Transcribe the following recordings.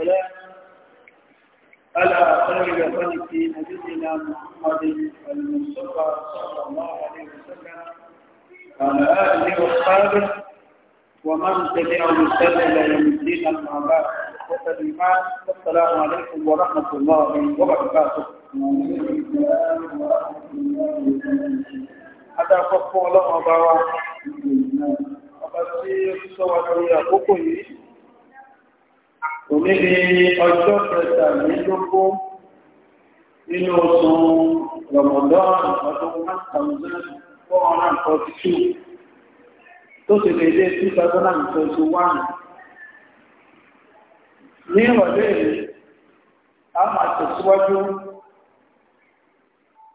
والسلام على خير خلق نبينا محمد المصطفى صلى الله عليه وسلم على آله وأصحابه ومن تبعهم بسنة إلى يوم الدين أما بعد والإيمان والسلام عليكم ورحمة الله وبركاته. Adá kọ́kọ́ ọlọ́run ọba wa, ọba tí ó sọ wa lórí àkókò yìí, òní ni ọjọ́ kẹtàlélógún nínú oṣù rọmọdán ọdún one thousand four hundred and forty two tó ti lè dé two thousand and twenty one ní ìrọ̀lẹ́ yìí a máa tẹ̀síwájú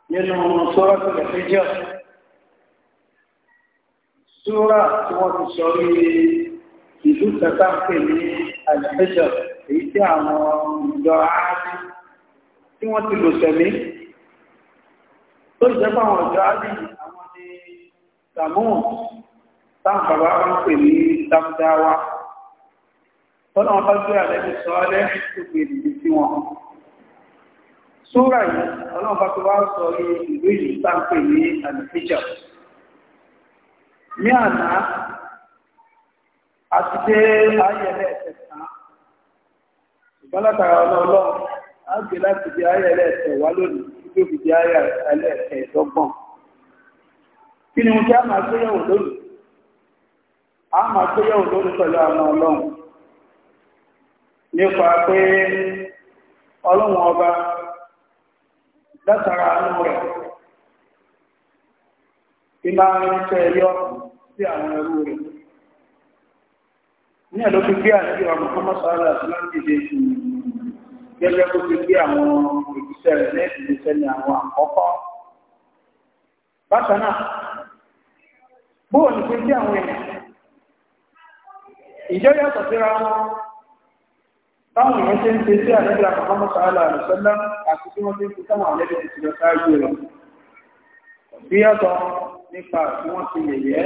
nínú sọ́rọ́ tó lè fi jẹ́ sọ́rọ́ tí wọ́n ti sọ rí ìlú tẹ̀sán pè ní àlẹ́fẹ́ṣọ̀ èyí tí àwọn ìjọ áádé tí wọ́n ti lò sẹ̀mí tó jẹ́ pé àwọn ìjọ áádé àwọn ni sàmúhùn táwọn bàbá wọn pè ní dámdáwá tọ́nà wọn bá gbé àlẹ́bí sọ ọ́lẹ́ tó gbé ìdíje sí wọn súrà yìí ọlọ́run bá tó wá sọ ní ìlú ìlú sáńpè ní àlẹ́fẹ́ṣọ̀ ní àná àti pé ayẹ̀lẹ̀ ẹ̀sẹ̀sán ìbálátara ọlọ́ọ̀lọ́ ágbé láti di ayẹ̀lẹ̀ ẹ̀sẹ̀ wá lónìí tí fi di ayẹ̀lẹ̀ ẹ̀sẹ̀ ìdọ́gbọ̀n kí ni wọ́n kí a máa gbéyàwó lónìí pẹ̀lú àwọn ọlọ́run nípa pé ní ẹ̀lọ́ fi gbé àti ọmọ ọmọ sọ́rọ̀ láti dé sí gẹ́gẹ́ kó fi gbé àwọn òjíṣẹ́ rẹ̀ lẹ́ẹ̀kì lè sẹ́ni àwọn àkọ́kọ́ bákan náà bóò ní pé kí àwọn èèyàn ìjọ yàtọ̀ síra wọn báwọn èèyàn ṣe ń ṣe sí àlẹ́bí àkọ́kọ́ sọ́rọ̀ àlùsọ́lá àti tí wọ́n ti ń fi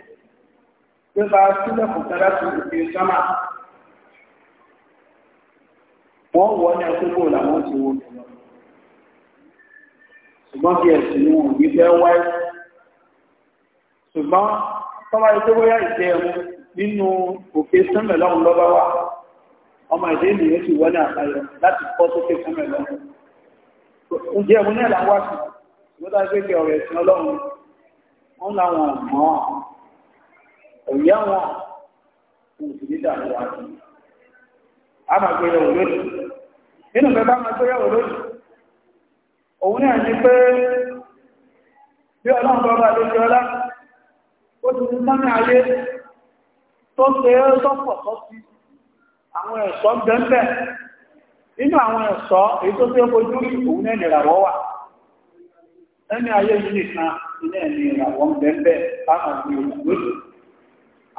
pé bá sílẹ̀ kò tẹ́lá sí òkè sọ́mà wọ́n wọ́ ní ẹgbẹ́gbò làwọn ti wọ́n tó lọ ṣùgbọ́n bí ẹ̀sìn ni wọn ní fẹ́ wáyé ṣùgbọ́n tọ́wá ẹgbẹ́ bóyá ìṣe ẹ̀mú nínú òkè sọ́mà lọ́hùn lọ́ba wà ọmọ ìdí ènìyàn sì wọ́n ní àbáyọ láti kọ́ sókè sọ́mà lọ́hùn oúnjẹ ẹ̀mú náà làwọn wá sí ìwọ́n tá a gbé ọ̀rọ̀ ẹ̀sìn ọlọ́run wọn làwọn mọ́ ọ̀yá wọn kò sì ní dàrú wa sí a máa gbé yẹ̀wò nínú bẹ́ẹ̀ máa gbé yẹ̀wò òun ní ní pé bí bá lè fi ọlá ó ti ní ayé tó ṣe é sọ́pọ̀ àwọn ẹ̀ṣọ́ gbẹ́ńbẹ́ nínú àwọn ẹ̀ṣọ́ èyí tó ṣe é kojú òun wà ẹni ayé yìí nìkan ilé ẹ̀mí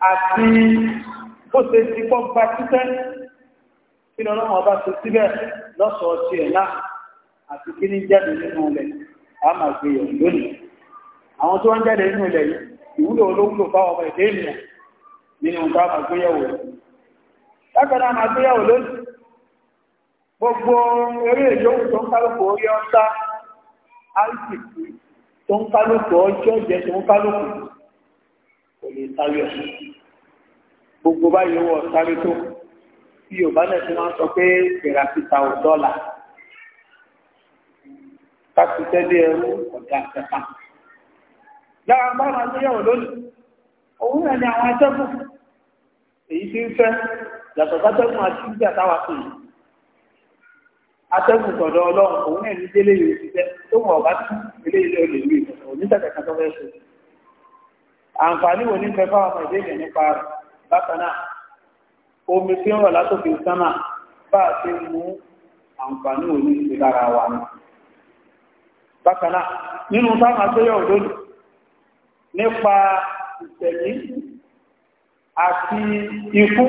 àti bó ṣe ti pọ́ gba títẹ́ ọba ṣe síbẹ̀ lọ́sọ̀ọ́ ẹ̀ náà àti kí jáde nínú ilẹ̀ a máa gbé yẹ̀ lónìí àwọn tó ń jáde nínú ilẹ̀ ìwúlò olówúlò bá ọmọ ìdé ènìyàn nínú nǹkan máa gbé yẹ̀wò lákàtà máa gbé yẹ̀wò gbogbo eré tó ń kálùkù orí tó ń kálùkù ọjọ́ tó sáré ọ̀hún gbogbo báyìí wọ̀ sáré tó bí yorùbá náà ti máa sọ pé kìràkìtà ò dọ́là kápítẹ́ bí ẹrú ọ̀dà àtẹ̀pá lára bá máa tó yẹ̀wò lónìí òun náà ni àwọn atẹ́gùn èyí tí ń fẹ́ yàtọ̀ sátẹ́gùn àti ìgbà táwa sí i atẹ́gùn tọ̀dọ̀ ọlọ́run òun náà ní délé yìí ti fẹ́ tó wọ̀ ọ̀bá tún délé ilé olè ní ìtọ̀tọ̀ onítẹ̀kẹ̀kẹ̀ tó fẹ́ ṣe àǹfààní wo ní fẹ́ fáwọn ọmọ ìdíje nípa rẹ̀ bákan náà omi tí ń rọ̀ látòkè sánà bá a ṣe mú àǹfààní wo ní ìṣe lára wa bákan náà nínú táwọn àtúnyẹ̀ òdòdó nípa ìṣẹ̀lí àti ikú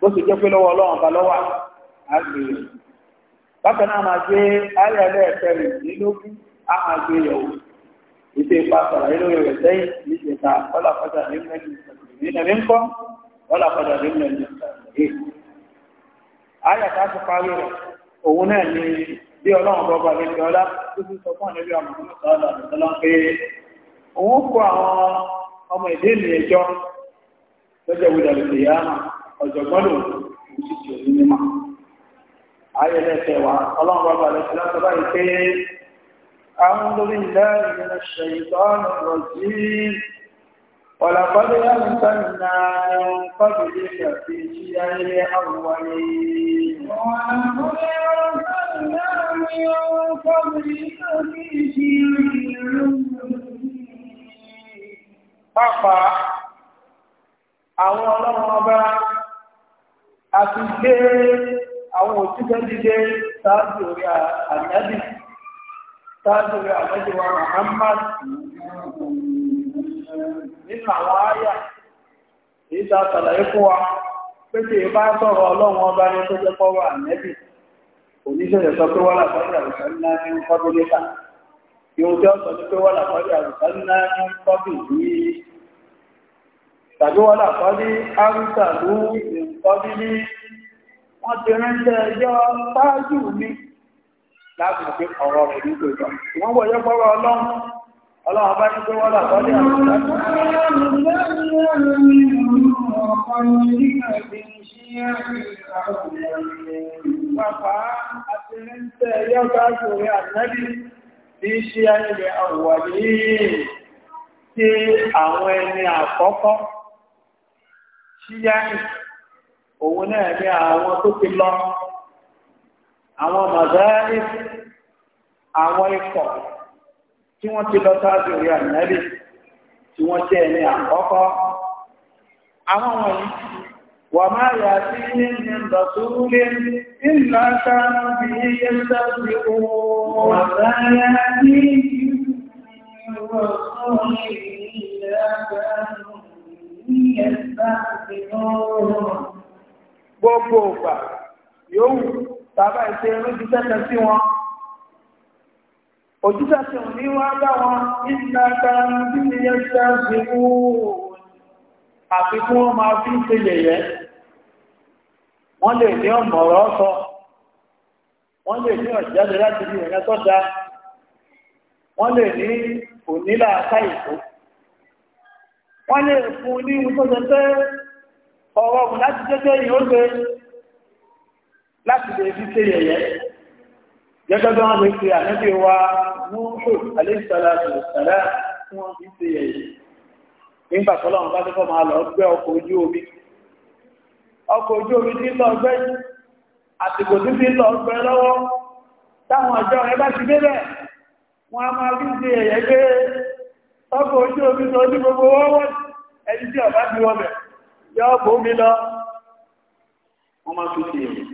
bó ṣe jẹ́ pé lọ́wọ́ ọlọ́run bá lọ́wọ́ àgbèrè bákan máa gbé ayẹyẹ ẹ̀fẹ́ rẹ̀ nílógún á máa ìpè pàtàkì rẹ̀ lórí rẹ̀ sẹ́yìn ní ìjẹta wọ́lá padà rí mẹ́rin nínú rí ń kọ́ wọ́lá padà rí mẹ́rin ti parí rẹ̀ òun ni bí ọlọ́run bọ́ba lè fi ọlá tó fi sọ fún àlejò àwọn ọmọ sọ́ọ́dà lọ́lá pé òun kó àwọn ọmọ ìdí ènìyàn jọ lọ́jọ́ ìwé ìdàlùfẹ̀ wa أعوذ بالله من الشيطان الرجيم ولقد أنزلنا من قبلك في شيئا الأولين ولقد أنزلنا من قبلك في شيئا الأولين àwọn ọlọ́run ọba àti gbé àwọn òṣìṣẹ́ dídé sáájú orí àyádìí sáájú rẹ̀ àmọ́jẹ̀wà Muhammad nínú àwọn àyà èyí tá a tàlàyé fún wa pé tí ìbá sọ̀rọ̀ ọlọ́run ọba ní tó jẹ́ pọ́wọ́ ànẹ́bì oníṣẹ̀lẹ̀ sọ pé wọ́n làkọ́jà àrùsá ńlá ní kọ́bílẹ́ta yóò tí ó sọ ní pé wọ́n làkọ́jà àrùsá ní kọ́bìlì láti fi ọ̀rọ̀ rẹ̀ ní gbogbo ìwọ́n wọ̀ yẹ́ gbọ́rọ̀ ọlọ́run ọlọ́run bá ní pé wọ́n làkọ́lẹ̀ àwọn Tí àwọn ẹni òun náà ní àwọn tó ti lọ àwọn màdáyé àwọn ikọ̀ tí wọ́n ti lọ sáájú rí ànábì tí wọ́n jẹ́ ẹni àkọ́kọ́ àwọn wọ̀nyí wà máa yà sí ní ìdọ̀túrúlé ìlà sáánú bí iye sáájú ooo Gbogbo ògbà yóò bàbá ìṣe olójúṣẹ́ kan sí wọn òjúṣẹ́ tí ò ní wá bá wọn nígbà kan bí ní ẹṣẹ́ sí mú àfikún wọn máa fi ń ṣe yẹ̀yẹ́ wọ́n lè ní ọ̀mọ̀rọ̀ sọ wọ́n lè ní ọ̀jáde láti bí ẹ̀yẹ tó wọ́n lè ní ònílà káyìkó wọ́n lè fún ní ohun ọ̀rọ̀ ọ̀gùn láti jẹ́jẹ́ yìí láti lè fi ṣe yẹ̀yẹ́ gẹ́gẹ́ bí wọ́n lè ṣe ànábì wa múlò àlẹ́sàlátù sàlá tí wọ́n fi ṣe yẹ̀yẹ́ nígbà tọ́lọ́run bá tẹ́kọ̀ máa lọ gbẹ́ ọkọ̀ ojú omi ọkọ̀ ojú omi tí lọ gbẹ́ àtìkò tí fi lọ gbẹ́ lọ́wọ́ táwọn ọjọ́ rẹ bá ti débẹ̀ wọ́n a máa fi ṣe yẹ̀yẹ́ pé ọkọ̀ ojú omi tó ní gbogbo wọ́wọ́ ẹni tí ọ̀bá ti wọ́bẹ̀ yọ ọkọ̀ omi lọ wọ́n máa fi ṣe yẹ̀yẹ́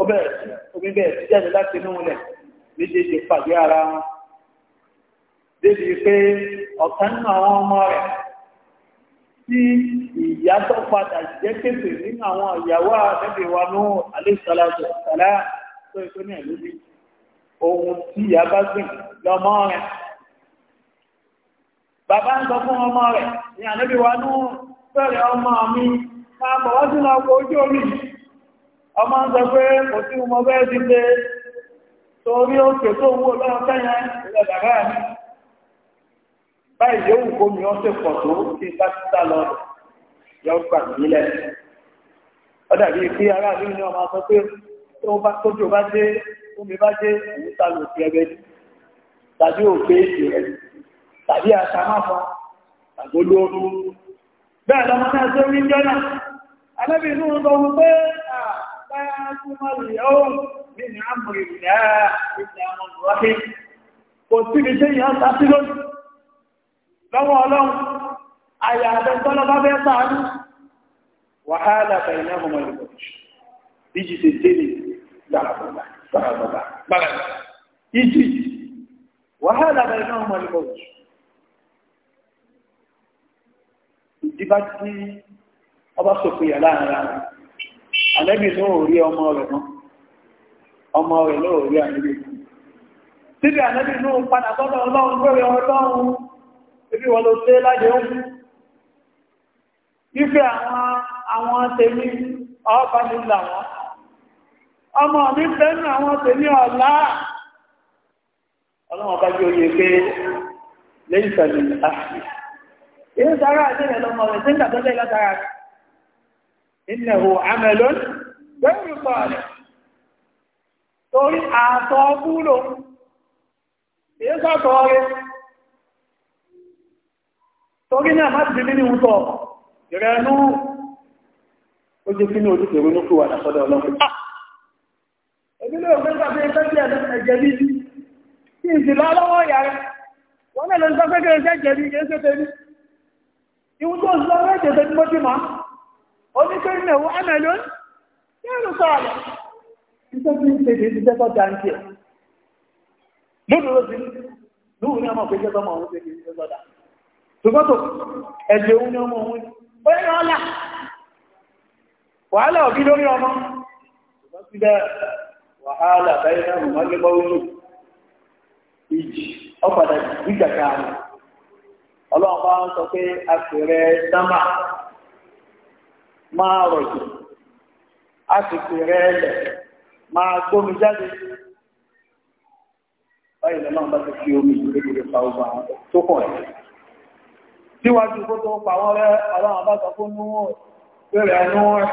ó bẹ̀rẹ̀ sí omi bẹ̀rẹ̀ sí jáde láti inú ilẹ̀ méjèèjì pàdé ara wọn débi pé ọ̀kan nínú àwọn ọmọ rẹ̀ tí ìyá tó padà jẹ́ kéfè nínú àwọn ìyàwó àbẹ́bẹ̀ wa ní alẹ́sàlájọ sàlá tó ètò ní ẹ̀lú bí ohun tí ìyá bá gbìn lọ́mọ rẹ̀ bàbá ń sọ fún ọmọ rẹ̀ ní àlẹ́bẹ̀ wa ní fẹ́rẹ̀ ọmọ mi máa bọ̀ wá sínú ọkọ̀ ojú omi yìí ọmọ ń sọ pé kò sí mo bẹ́ẹ̀ ti lé torí òkè tó wó lọ́wọ́ kẹ́yìn ilẹ̀ bàbá mi báyìí yóò wù kó mi ó ṣe pọ̀ tó kí n bá ti sá lọ yọ gbà nílẹ̀ ọ̀dà bíi kí aráàlú ni ọmọ sọ pé tójú bá dé omi bá dé òun ta lò sí ẹgbẹ́ ni tàbí òkè èsì tàbí àṣàmáfọ́ tàbí olóorun bẹ́ẹ̀ lọ́mọ náà tó rí jọ́nà alábìnrin ń sọ wípé أنساكم اليوم من أمر الله إلا من رحم قلت بشيء أتصل لو ألوم أي هذا الطلب بيطعن وحال بينهما البرج يجي تنتهي لا الله صلى الله بلد يجي وحال بينهما البرج ìdíbá tí ọba sọ̀kò yà láàrin láàrin àlẹ́bì ló rí ọmọ rẹ̀ mọ́ ọmọ rẹ̀ ló rí àlẹ́bì síbi àlẹ́bì ló padà sọ́dọ̀ ọlọ́run gbẹ̀rẹ̀ ọlọ́run ibi wọn ló ṣe lájẹ́ ó ìfẹ́ àwọn tèmi ọba ní làwọn ọmọ mi fẹ́nu àwọn tèmi ọ̀la ọlọ́run ọba jẹ́ oyè pé lẹ́yìn sọ̀rọ̀ ìlú àti èyí sára àjẹ́rẹ̀ lọ́mọ rẹ̀ sí ìgbàgbọ́lẹ̀ látara rẹ̀ innahu amalun ghayru salih torí àtọ̀ búlò èyí sọ́tọ̀ rẹ̀ torí náà má ti nínú tọ̀ ìrẹnú ó jẹ́ kí ní ojú pẹ̀rú ní kúwà lásọ́dọ̀ ọlọ́pẹ́ ẹgbẹ́lẹ́ òfin tàbí ẹgbẹ́ tí ìsìlá lọ́wọ́ ìyá rẹ̀ wọ́n lẹ́lọ ìsọ́fẹ́gẹ́rẹ́ jẹ́ jẹ́ ní ẹgbẹ́ tẹ́lú ìwúntó ìsọ́fẹ́gẹ́rẹ́ jẹ́ tẹ́lú mọ́tí máa oníkẹ́ ìnáwó àmẹ́lò yẹ́rù sọ́ọ̀lẹ̀ nítorí ń tètè ti jẹ́kọ́ dáńtì ẹ̀ lóòrò sí lóòrò ní ọmọ pé jẹ́kọ́ ọmọ òun tètè ti sọ́dà tòkótò ẹ̀jẹ̀ òun onye ọmọ òun ó yẹ ọ́là wàhálà òbí lórí ọmọ ṣùgbọ́n síbẹ̀ wàhálà báyìí náà mọ̀ ní gbọ́wọ́lù ìjì ọ̀padà gbígbàgbà ọlọ́run bá ń sọ pé apẹ̀rẹ̀ sámà máa rọ̀jù a sì pèrè ẹlẹ̀ máa gbómi jáde báyìí lọ́nà bá ti fi omi ìgbégbé pa ọgbà tó kàn ẹ̀ síwájú kó tó pa wọ́n rẹ́ ọlọ́run bá sọ fún níwọ̀n bẹ̀rẹ̀ ẹnu rẹ̀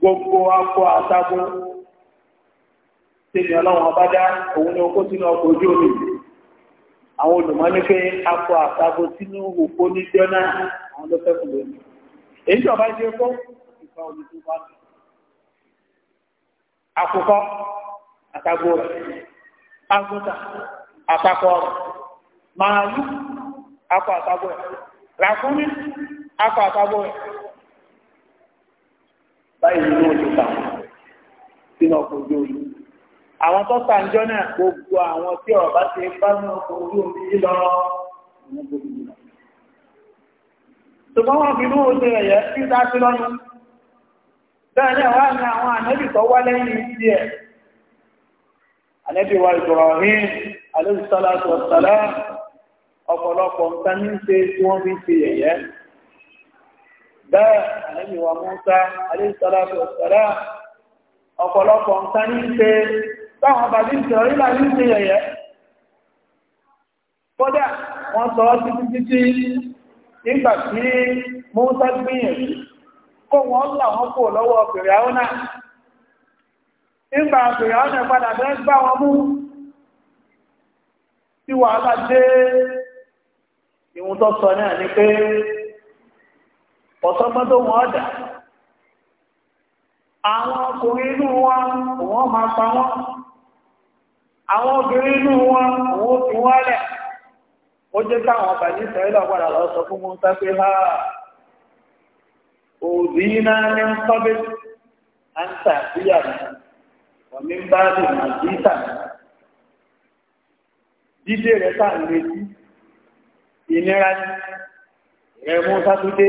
gbogbo akọ àtàgbò tí ni ọlọ́run ọba dá òun ni okó sínú ọkọ̀ ojú omi àwọn olùmọ́ ní pé akọ àtàgbò sínú òpó ní jọ́nà àwọn ló èyí tí ọba ṣe kó ìfà omi tó bá dùn àkùkọ àtàgbò rẹ̀ àgùntà àpapọ̀ rẹ̀ màálù akọ àtàgbò rẹ̀ ràkúnmí akọ àtàgbò rẹ̀ báyìí ni wọ́n ti ta sínú ọkọ̀ ojú omi àwọn tó ta ǹjọ́ náà gbogbo àwọn tí ọba ṣe bá ní ọkọ̀ ojú omi yìí lọ wọ́n gbogbo ìlú náà ṣùgbọ́n wọ́n fi lóò ṣe ẹ̀yẹ tí ó dáṣí lọ́nu bẹ́ẹ̀ wá ní àwọn ànẹ́bì tó wá lẹ́yìn sí ẹ̀ ànẹ́bì wa Ibrahim alayhi salatu wa salam ọ̀pọ̀lọpọ̀ nǹkan ní ṣe tí wọ́n fi ṣe ẹ̀yẹ bẹ́ẹ̀ ànẹ́bì wa Musa alayhi salatu wa salam ọ̀pọ̀lọpọ̀ nǹkan ní ṣe táwọn bàbí nígbà tí mọ́sá gbìyànjú kó wọ́n là wọ́n kò lọ́wọ́ fìrìáúnà nígbà fìrìáúnà padà fẹ́ gbá wọn mú tí wàhálà dé ìwọ̀n tó sọ náà ni pé ọ̀sọ́gbọ́n tó wọ́n dà? àwọn ọkùnrin inú wa wọ́n máa pa wọ́n àwọn obìnrin inú wa wọ́n fi wọ́n lẹ̀ ó jẹ́ káwọn ọba ní ìsọ̀rọ̀ lọ sọ fún ha òbí náà ní ń kọ́bí à ń tà na ọ̀mí ń bá dùn mà sí tà dídé rẹ̀ tà ń retí ìnira ní rẹ̀ mú sátúndé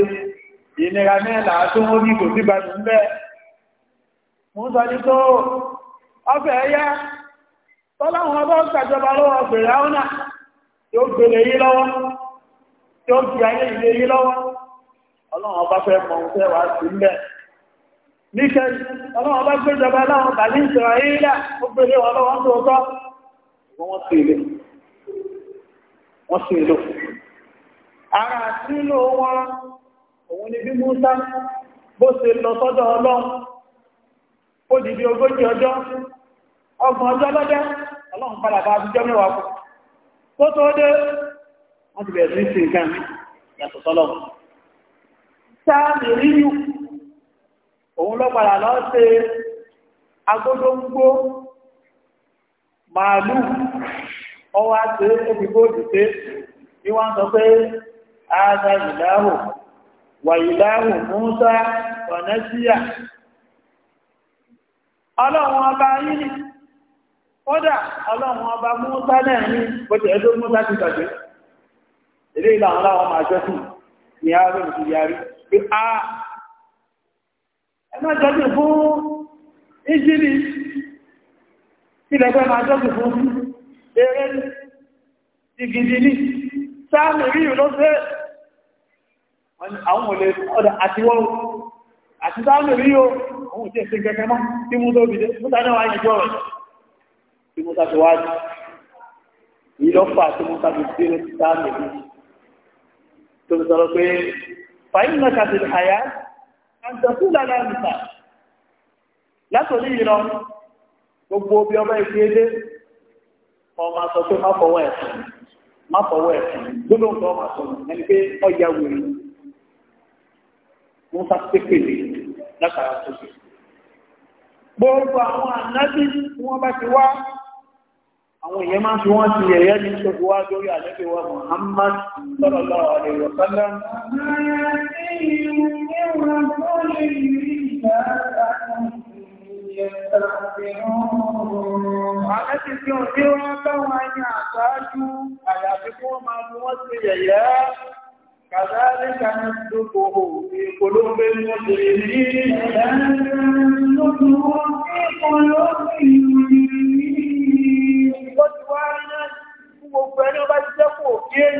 ìnira mẹ́la tó ń rí kò tó ọfẹ́ ẹ̀yà tọ́láwọn tí ó gbélé yí lọ́wọ́ tí ó fi ayé ilé lọ́wọ́ ọlọ́run ọba fẹ́ mọ̀ ohun fẹ́ sí níṣẹ́ ọlọ́run ọba gbéjọba láwọn bàbí ìṣẹ̀rọ ilé ó gbélé wọn tó ọjọ́ ọgbọ̀n ọjọ́ ọlọ́run padà bá mẹ́wàá kó tó dé wọ́n ti bẹ̀rẹ̀ sí nǹkan mi yàtọ̀ sọ́lọ̀ sáàmì ríyù òun ló padà lọ ṣe agbódóngbó màálù ọwọ́ àti òbígbòdì pé ní wọ́n sọ pé ààrẹ ìdáhù wà ìdáhù Músà ọ̀nẹ́síyà ọlọ́run ọba yìí kódà ọlọ́run ọba múúsá náà ní bọ́tẹ̀ ẹjọ́ múúsá ti tàbí ilé ìlànà láwọn máa jẹ́ fún ní àárẹ̀ òsì yarí pé a ẹ máa fún ìjírí máa fún eré ní sáàmì rí ìlú àwọn olè ọ̀dà àti wọ́n àti sáàmì rí o àwọn òṣèṣe gẹ́gẹ́ mọ́ tí mú tó tí musa fi wájú yìí lọ́fà tí musa fi bẹ̀rẹ̀ títà nìyí tó fi sọ̀rọ̀ pé fàyín náà kàtí àyà àǹtàkù lára nìta látòlí yìí lọ gbogbo bí ọba ìfiyelé ọmọ sọ pé má fọwọ́ ẹ̀sìn má fọwọ́ ẹ̀sìn gbólóhùn tó ọmọ sọ ẹni pé ọjà wèrè musa pépèlè látara tó gbogbo àwọn ànábì tí wọ́n bá ti wá àwọn èèyàn máa fi wọ́n ti yẹ̀yẹ́ ní ṣogbo wá lórí àlẹ́fẹ́ wa Muhammad sallallahu alaihi wa sallam Àlẹ́sì tí ní ṣòkòrò ní ọdún ìrìn fárí náà fún gbogbo ẹni ọba ti jẹ́ fún òkè èyí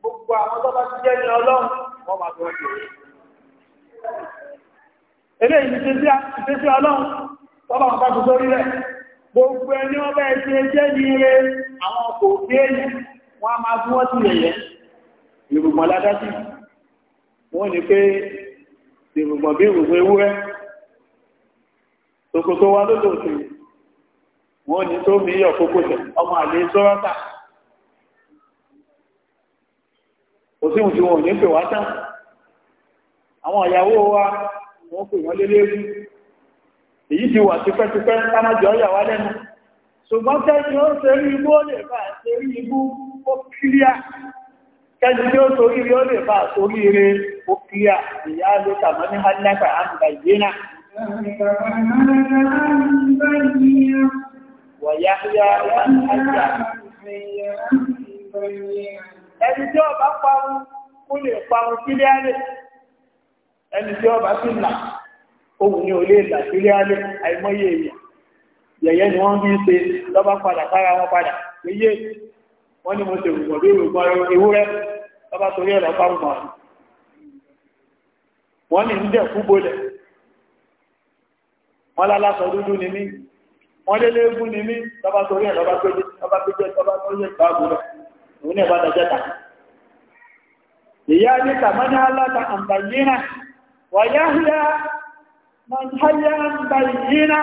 gbogbo àwọn tó ti jẹ́ ní ọlọ́run wọ́n máa tó ọjọ́ rẹ̀. sí ọlọ́run tọ́lá wọn ti sórí rẹ̀ gbogbo ẹni ọba ẹ̀sìn ẹjẹ́ ní ire àwọn ọkọ̀ òkè èyí wọ́n máa fún wọ́n sí yẹ̀yẹ́ ìrùgbọ̀n ládásí wọ́n ní pé ìrùgbọ̀n bí ìrùgbọ̀n ewúrẹ́ tòkòtò wa lódò òṣèlú wọ́n ni tó mi yọ kókó tẹ̀ ọmọ àlè sọ́rọ́tà kò sí ìwọ̀n wọ́n ní pè wá tán àwọn ìyàwó wa wọ́n pè wọ́n lélẹ́rú èyí ti wà tipẹ́tipẹ́ kánájọ́ ọ̀yà wá lẹ́nu ṣùgbọ́n tẹ́jú ó ṣe rí igbó lè bá ṣe igbó ó kíríà tí ó sorí rí ó lè bá sorí rí ó kíríà ìyá wọ̀yáyá àjà. Ẹni tí ọba parun kó lè parun kílíálẹ̀. Ẹni tí ọba sì là ohun ni ò lè là kílíálẹ̀ àìmọye èèyàn. Yẹ̀yẹ́ ni wọ́n bí ṣe lọ́ba padà kára wọn padà. Péyé wọ́n ní mo ṣe wùwọ̀ bí ìrògbọ́n ewúrẹ́ lọ́ba torí ẹ̀rọ parun mọ̀. Wọ́n ní ń jẹ́ fúgbólẹ̀. Wọ́n lálásọ dúdú ni mí wọ́n lé léegun ni mí lọ́ba torí ẹ̀ lọ́ba péjẹ lọ́ba péjẹ lọ́ba péjẹ báàbò rẹ̀ òun náà bá dájẹ́ ta. ìyá ní tàmánà aláta àǹbàyínà wàyá híyá mọ̀nyáyá àǹbàyínà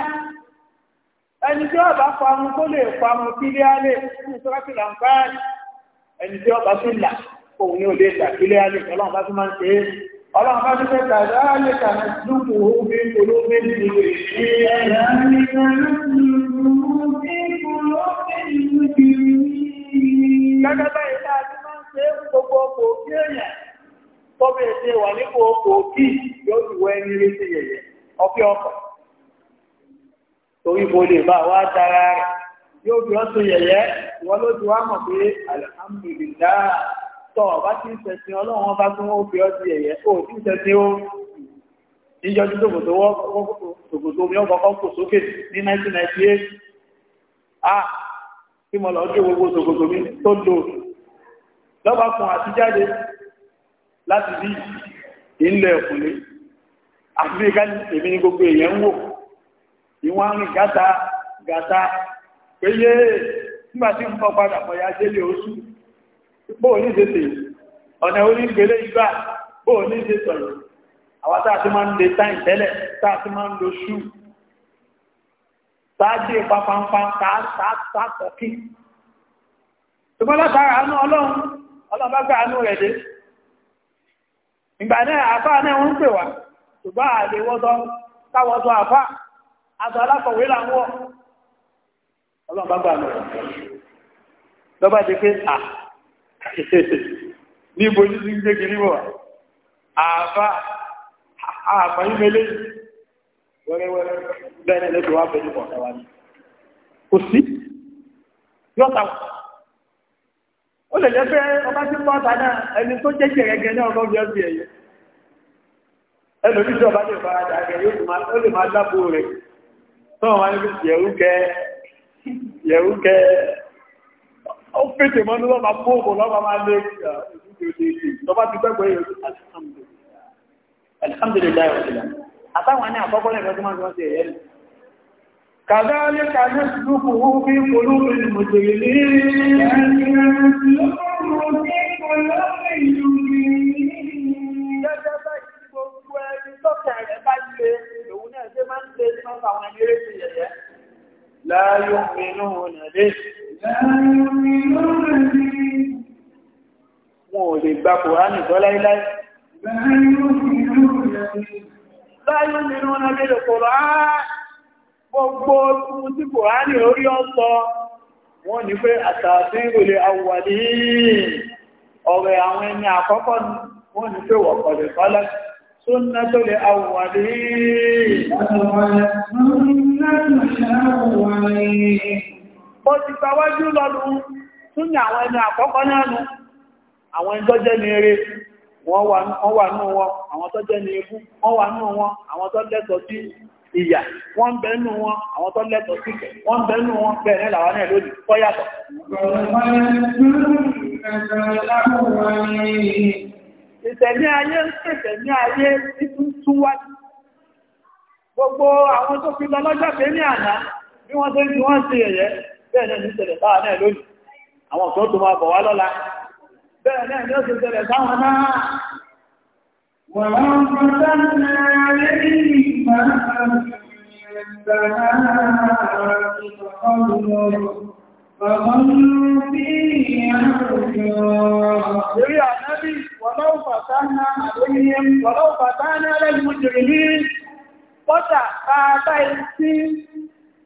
ẹni tí ó bá parun kó lè parun kílé alẹ́ ní sọ́kàtì làǹfààní ẹni tí ó bá sí là òun ni ò lè là kílé alẹ́ ọlọ́run bá tún máa ń Ọlọ́run bá ti fẹ́ kàdá lè kàmẹ́ lúkù orí olómi nílò ìṣẹ́ Tọ́bẹ̀ ṣe wà nípò òkì yóò ti wọ ẹni rí sí yẹ̀yẹ̀, ọpẹ́ ọkọ̀. Torí kò lè bá wá dára rẹ̀, yóò fi tọ́ ọ̀bá tí ń sẹ̀sìn ọlọ́run ọba tí wọ́n fi ọ́ sí ẹ̀yẹ ó tí ń sẹ̀sìn ó níjọjú tòkòtò omi ọkọ̀ọ̀kọ́ kò sókè ní 1998 ah tí mo lọ dé gbogbo tòkòtò mi tó dò lọ́bàá fún àtijáde láti bí ilẹ̀ ẹ̀kùnlé àti bí gáàlì èmi ní gbogbo èèyàn ń wò ìwọ̀n rìn gàtà gàtà péye nígbà tí ń kọ́ padà pọ̀ ya délé oṣù bóò ní ìdẹ́sẹ̀ ọ̀nà onígbèlé ìgbà bóò ní ìdẹ́sẹ̀ yìí àwọn ti máa ń lè táì tẹ́lẹ̀ táà ti máa ń lo ṣú táàjì pàpàpà tààtàkì ṣùgbọ́n látara àánú ọlọ́run ọlọ́run ti pé ní ìbòjú sí gbé kiri wọ̀ àbá àbáyé mẹ́lẹ́ wẹ́rẹ́wẹ́rẹ́ bẹ́ẹ̀ lẹ́tọ̀ wá pẹ̀lú ọ̀tá wa ní kò sí yọ́ta ó lè jẹ́ pé ọba tí pọ́ta náà ẹni tó jẹ́ jẹ́gẹ́gẹ́ ní ọgbọ́n bí ọ́bí ẹ̀yẹ ẹlòmí tí ọba lè fara dà gẹ̀ ó fètè mọ́ ní lọ́ba fóòmù lọ́ba máa lé ìjọba ti gbẹ́gbẹ́ yẹn alhamdulilayi wa sallam àtàwọn ní àkọ́kọ́ lẹ́gbẹ́ tó máa ń wọ́n ti ẹ̀yẹ́ lù kàdáálé kàdé lùkù wọ́n fi polówó ìmọ̀tòrì ní Láyé òmìnú ọ̀nà lé Wọn ò lè gba Kùránì tọ́ láíláí. Láyé nínú wọn lè Kùránì, gbogbo ohun tí Kùránì orí ọ̀sọ, wọ́n ní pé àtàtí ìrìnlẹ̀ àwùwàdí ọ̀rẹ̀ àwọn ẹni àkọ́kọ́ wọ́n ní pé bó ti gbáwájú lọ́nu tún ní àwọn ẹni àkọ́kọ́ nánú àwọn ẹni jẹ́ ní eré wọ́n wà ní wọn àwọn tó jẹ́ ní ebú wọ́n wà ní wọn àwọn tọ́ lẹ́tọ̀ sí ìyà wọ́n wọn àwọn tó sí wọ́n wọn làwọn lónìí kọ́ yàtọ̀ gbogbo àwọn tó fi lọ lọ́jọ́ pé ní àná sí bẹ́ẹ̀ na ní ìṣẹ̀lẹ̀ sáà náà lónìí àwọn kan tó máa bọ̀ wá lọ́la bẹ́ẹ̀ náà ní ń fàtánà lẹ́gbùn ní pọ́tà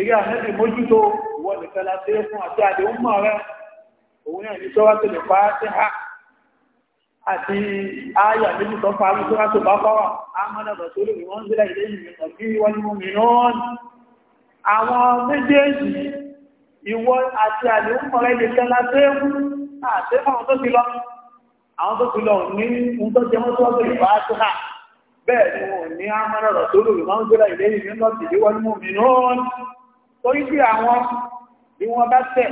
eré ànẹ́bì mójútó ìwọ nìkan la ṣe é fún àti àdéhùn mọ̀ rẹ òun náà ní sọ́wọ́ tó lè pa á sí ha àti ayà méjì tó parí sọ́wọ́ tó bá kọ́wà á mọ́nà bọ̀ tó lè wọ́n sílẹ̀ ilé ìrìn ọ̀gbìn wọn ni mo mìíràn àwọn méjèèjì ìwọ àti àdéhùn mọ̀ rẹ nìkan la ṣe é fún àti àwọn tó ti lọ àwọn tó ti lọ ní ohun tó jẹ mọ́ tó lè pa á sí ha bẹ́ẹ̀ ni wọn ní á mọ́nà bọ̀ tó lè wọ́n ń sílẹ̀ ilé ìrìn ọ̀gbìn wọn ni mo torí bí àwọn bí wọ́n bá tẹ̀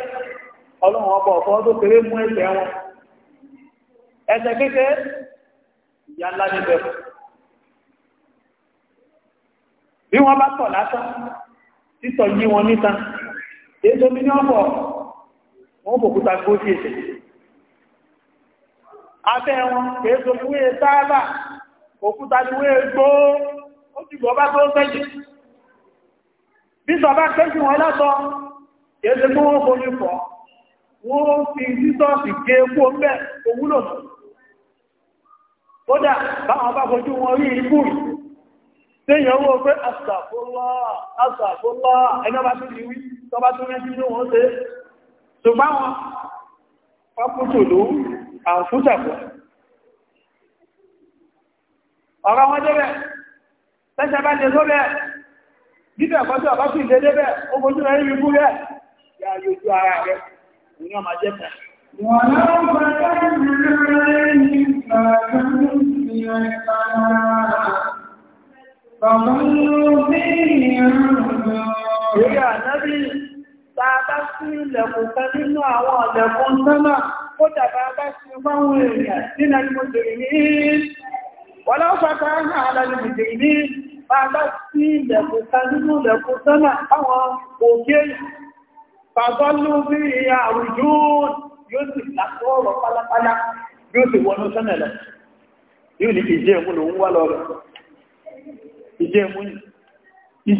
ọlọ́run ọba ọ̀fọ́ tó kéré mú ẹsẹ̀ wọn ẹsẹ̀ kékeré ìyá ńlá níbẹ̀ bí wọ́n bá tọ̀ lásán títọ̀ yí wọn níta èso mi ní ọ̀pọ̀ wọn bòkúta gbóṣì ẹsẹ̀ abẹ́ wọn èso mi wéé sáábà òkúta ni wéé gbó ó ti gbọ́ bá tó sẹ́yìn bísọ bá kẹ́sì wọn lọ́sọ yẹ́sẹ̀ tó wọ́n fojú fọ́ wọ́n fi sísọ́ọ̀sì gé epo mẹ́ òwúlò kódà báwọn bá fojú wọn rí ikú ọ̀rọ̀ wọn jẹ́ bẹ́ẹ̀ tẹ́ṣẹ́ bá jẹ́ sóbẹ́ẹ̀ nígbà ìpọ́jú àbá sí ìdédé bẹ́ẹ̀ ó fojú rẹ̀ rí ikú rẹ̀ yà yóò ara rẹ̀ òun ọmọ jẹ́ fẹ́. wọ́n náà ń bá dájú rẹ̀ ní ìgbàgbọ́n ní ẹ̀ka bàbá ló bí ìrìnàjò. èyí ànábì tá a bá sí ilẹ̀kùn kan nínú àwọn ọ̀lẹ̀kùn sánà ó dàbà bá sí fáwọn èèyàn nínú àjùmọ̀jèrè ní wọ́n náà fàtà àlàjùmọ̀jèrè ní bá a bá sí ilẹ̀kùn kan nínú ilẹ̀kùn sọ́nà àwọn òkè pàtọ́lú bí i àrùjú yóò sì lásọ́ ọ̀rọ̀ pálápálá yóò sì wọnú sọ́nà lọ yóò ní ìjẹ́ ẹ̀mú lòun wá lọ ìjẹ́ ẹ̀mú ni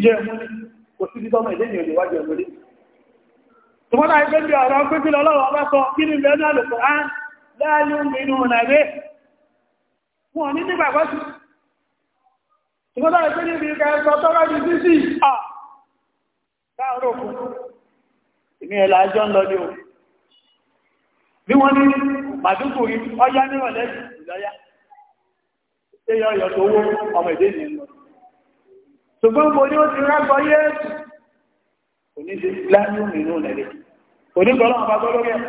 kò sí títọ́mọ̀ ìdé ni olùwájú ẹ̀mú ṣùgbọ́n láì pé níbi ìkẹsọ tọ́rọ di sísì à káàrò kù ìní ẹ̀là àjọ ń lọ ní o bí wọ́n ní màdúkùrí ọjá nírọ̀lẹ́ ìlọ́yá ṣe yọ ọ̀yọ̀ tó wó ọmọ èdè ní lọ ṣùgbọ́n mo ní ó ti rágbọ́ yéèsù kò ní ṣe láàrín nínú lẹ́lẹ́ kò ní gbọ́ ọlọ́run bá gbọ́ lórí ẹ̀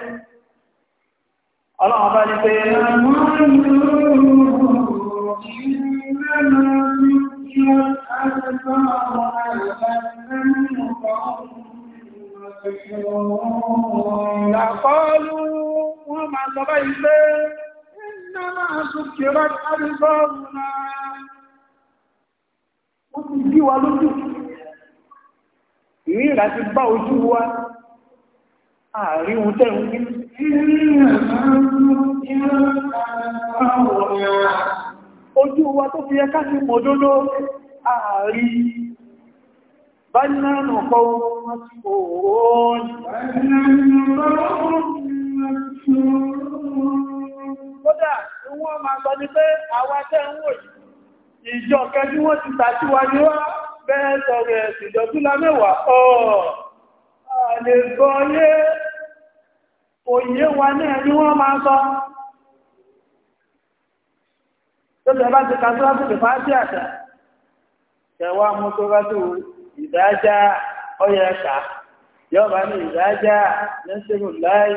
ọlọ́run bá ní pé Àkọọ́lú wọ́n máa sọ bá ilé, iná máa sókè rọ́ àrígbọ́ọ̀rù náà. Ó ti bí wa lójú. Ìrìnlá ti bá ojú wa, àríhun tẹ́ ojú wa tó fi ẹká sí mọ̀dódó ààrí bá náà nà kọ́ oòrùn kódà wọ́n máa sọ ní pé àwa tẹ́ ń wò ìjọ kẹjú wọ́n ti tàṣíwájú wá bẹ́ẹ̀ sọ̀rọ̀ ẹ̀sìjọ tí la mẹ́wàá ọ̀ọ̀ àlè gọ́ yé òyíwá náà ni wọ́n máa sọ tọ́lẹ̀ bá ti ka sọ́ọ́sì lè fàájì àtà tẹ̀wá mú ìdájá ọyẹ ẹ̀ka yọba ní ìdájá lẹ́sẹ̀rù láì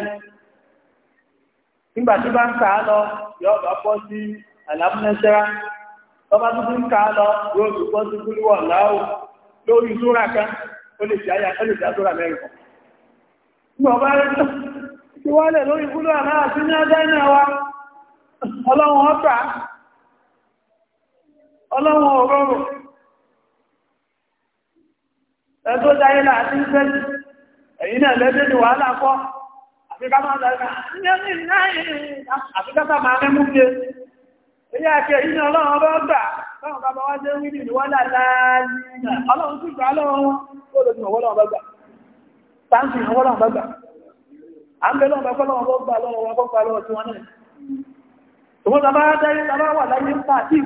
nígbà tí bá ń kà á lọ yọba bọ́ sí àlámúnẹ́sẹ́rá tọ́ba tó ń kà á lọ yóò tún sí láwù lórí ìṣúra kan ó lè ṣe àyà ó lè ṣe àtúrà mẹ́rin ọlọ́wọ́ ọ̀rọ̀rọ̀ ẹgbẹ́ láti ń fẹ́ ẹ̀yìn náà lẹ́gbẹ́ ni wàhálà kọ́ máa pé ọlọ́run bá gbà wá jẹ́ wílì ní wọ́n láàárín ọlọ́run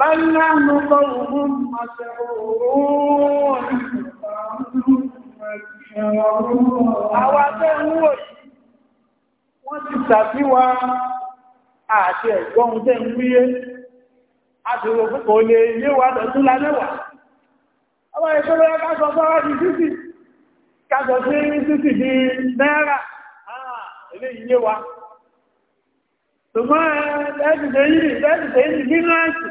بل نحن قوم مسحورون Àwọn akẹ́wọ́ wọ́n ti tàbíwá àti ẹ̀gbọ́n tẹ́ ń wíyé, a ti rò fún kò lè lọ́tún Ọwọ́ ìṣòro ẹ̀ká fọ́wọ́ di títì, sí títì di náírà, ah, ṣùgbọ́n ẹ̀ẹ́dìdẹ̀ yìí ẹ̀ẹ́dìdẹ̀ yìí nínú àìsì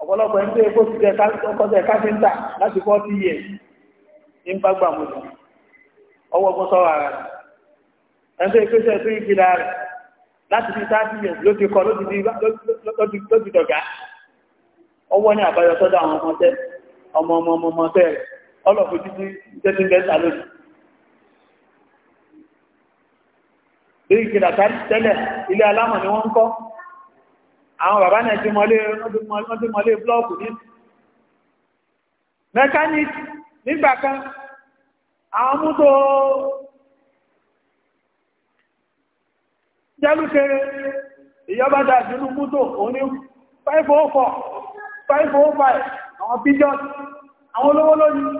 ọ̀pọ̀lọpọ̀ ẹgbẹ́ epo ti jẹ ọkọ̀tẹ̀ káfíńtà láti fọ́ sí yẹ ní ń bá gbà ọwọ́ ọgbọ́n sọ́wọ́ rẹ̀ ẹgbẹ́ tó rẹ̀ láti fi sáàtì yẹ ló ti dọ̀gá ọwọ́ ní àbáyọ àwọn ọmọ ọmọ ọmọ ọmọ lórí ìkìlà tẹ́lẹ̀ ilé alámọ̀ ni wọ́n ń kọ́ àwọn bàbá náà ti mọ́lé blọ́ọ̀kù ní mechanic nígbà kan àwọn mútó jẹ́lúkẹrẹ ìyọba dájúlú mútó òní 504 505 àwọn pigeon àwọn olówó lónìí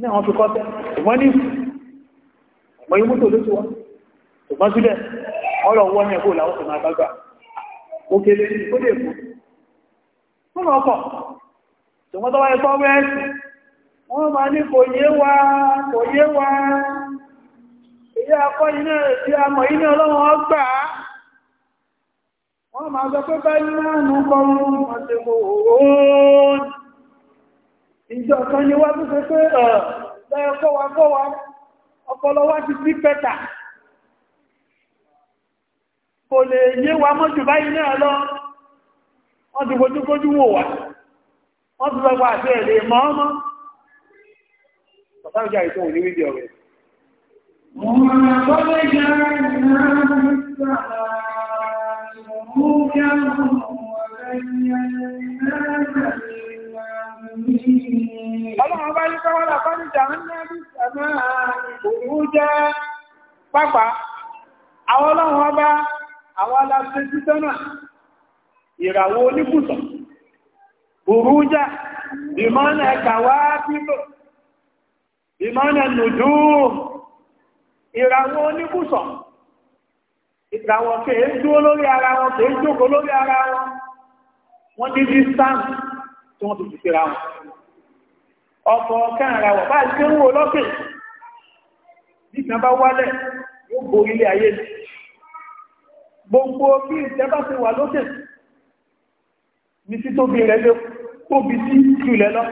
ní àwọn fi kọ́ tẹ́ ìwọ́n ní wọ́n yí mọ́tò lóṣùwọ́ ṣùgbọ́n síbẹ̀ ọ̀rọ̀ wọ́n yẹn kó làwọn tó máa bá gbà ó kéré ní kó lè mú fún ọkọ̀ ṣùgbọ́n tó wáyé pọ́wẹ́ ẹ̀sì wọ́n máa ní kò yé wa kò yé wa èyí akọ́ iná èsì amọ̀ iná ọlọ́wọ́n gbà á wọ́n máa sọ pé báyìí náà nù ìjọ kan ni wá tó ṣe pé ẹ̀ ọpọlọ wa ti sí pẹ́tà kò lè yé wa mọ́jù báyìí náà lọ wọ́n ti gbójúgbójú wò wá wọ́n ti lọ́gbà àti ẹ̀lẹ́ mọ́ ọmọ ọ̀sán ìjà ìtò òní wíjẹ ọ̀rẹ́ Thank you. ọlọ́run bá ní kọ́wọ́ là ọba àwọn aláṣẹ títọ́nà ìràwọ̀ oníkùsọ̀ burújà ìmọ́nà ẹ̀kàwá pílò ìmọ́nà nùdú ìràwọ̀ ìràwọ̀ kèé dúó ara wọn kèé ara wọn wọ́n ti ọkọ̀ káàrà wọ̀ bá ṣe ń wo lọ́kè nígbà bá wálẹ̀ yóò bo ilé ayé ni gbogbo kí ìjẹ́ bá ṣe wà lókè ní títóbi rẹ̀ lé tóbi sí jùlẹ̀ lọ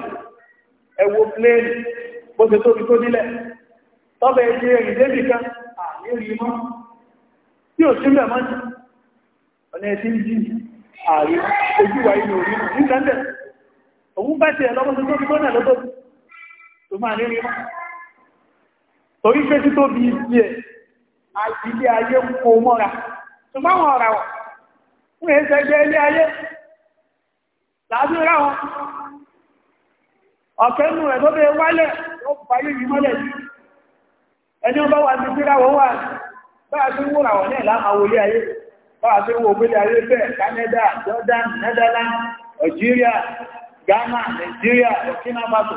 ẹ wo pléènì bó ṣe tóbi tó nílẹ̀ tọ́bẹ̀ ẹgbẹ́ ẹ̀rìn débì kan àrírí mọ́ tí ò sílẹ̀ mọ́ ní ọ̀nà ẹ̀tí ń jí ààrí ojúwà inú orí nígbàndẹ̀ òun bá ṣe ẹ̀lọ́gbọ́n tó tóbi tó náà lọ́tọ́bí tó máa lérí torí bí ẹ̀ àti ilé ayé kò mọ́ra tó máa ọ̀rà ẹgbẹ́ ilé ayé ọ̀kẹ́ rẹ̀ tó wálẹ̀ ẹni ọba wà ní síra wọ́n wà báyà tó ń wòrà wọ̀ ayé báyà ayé Canada Jordan Netherlands Algeria Ghana Nigeria Burkina Faso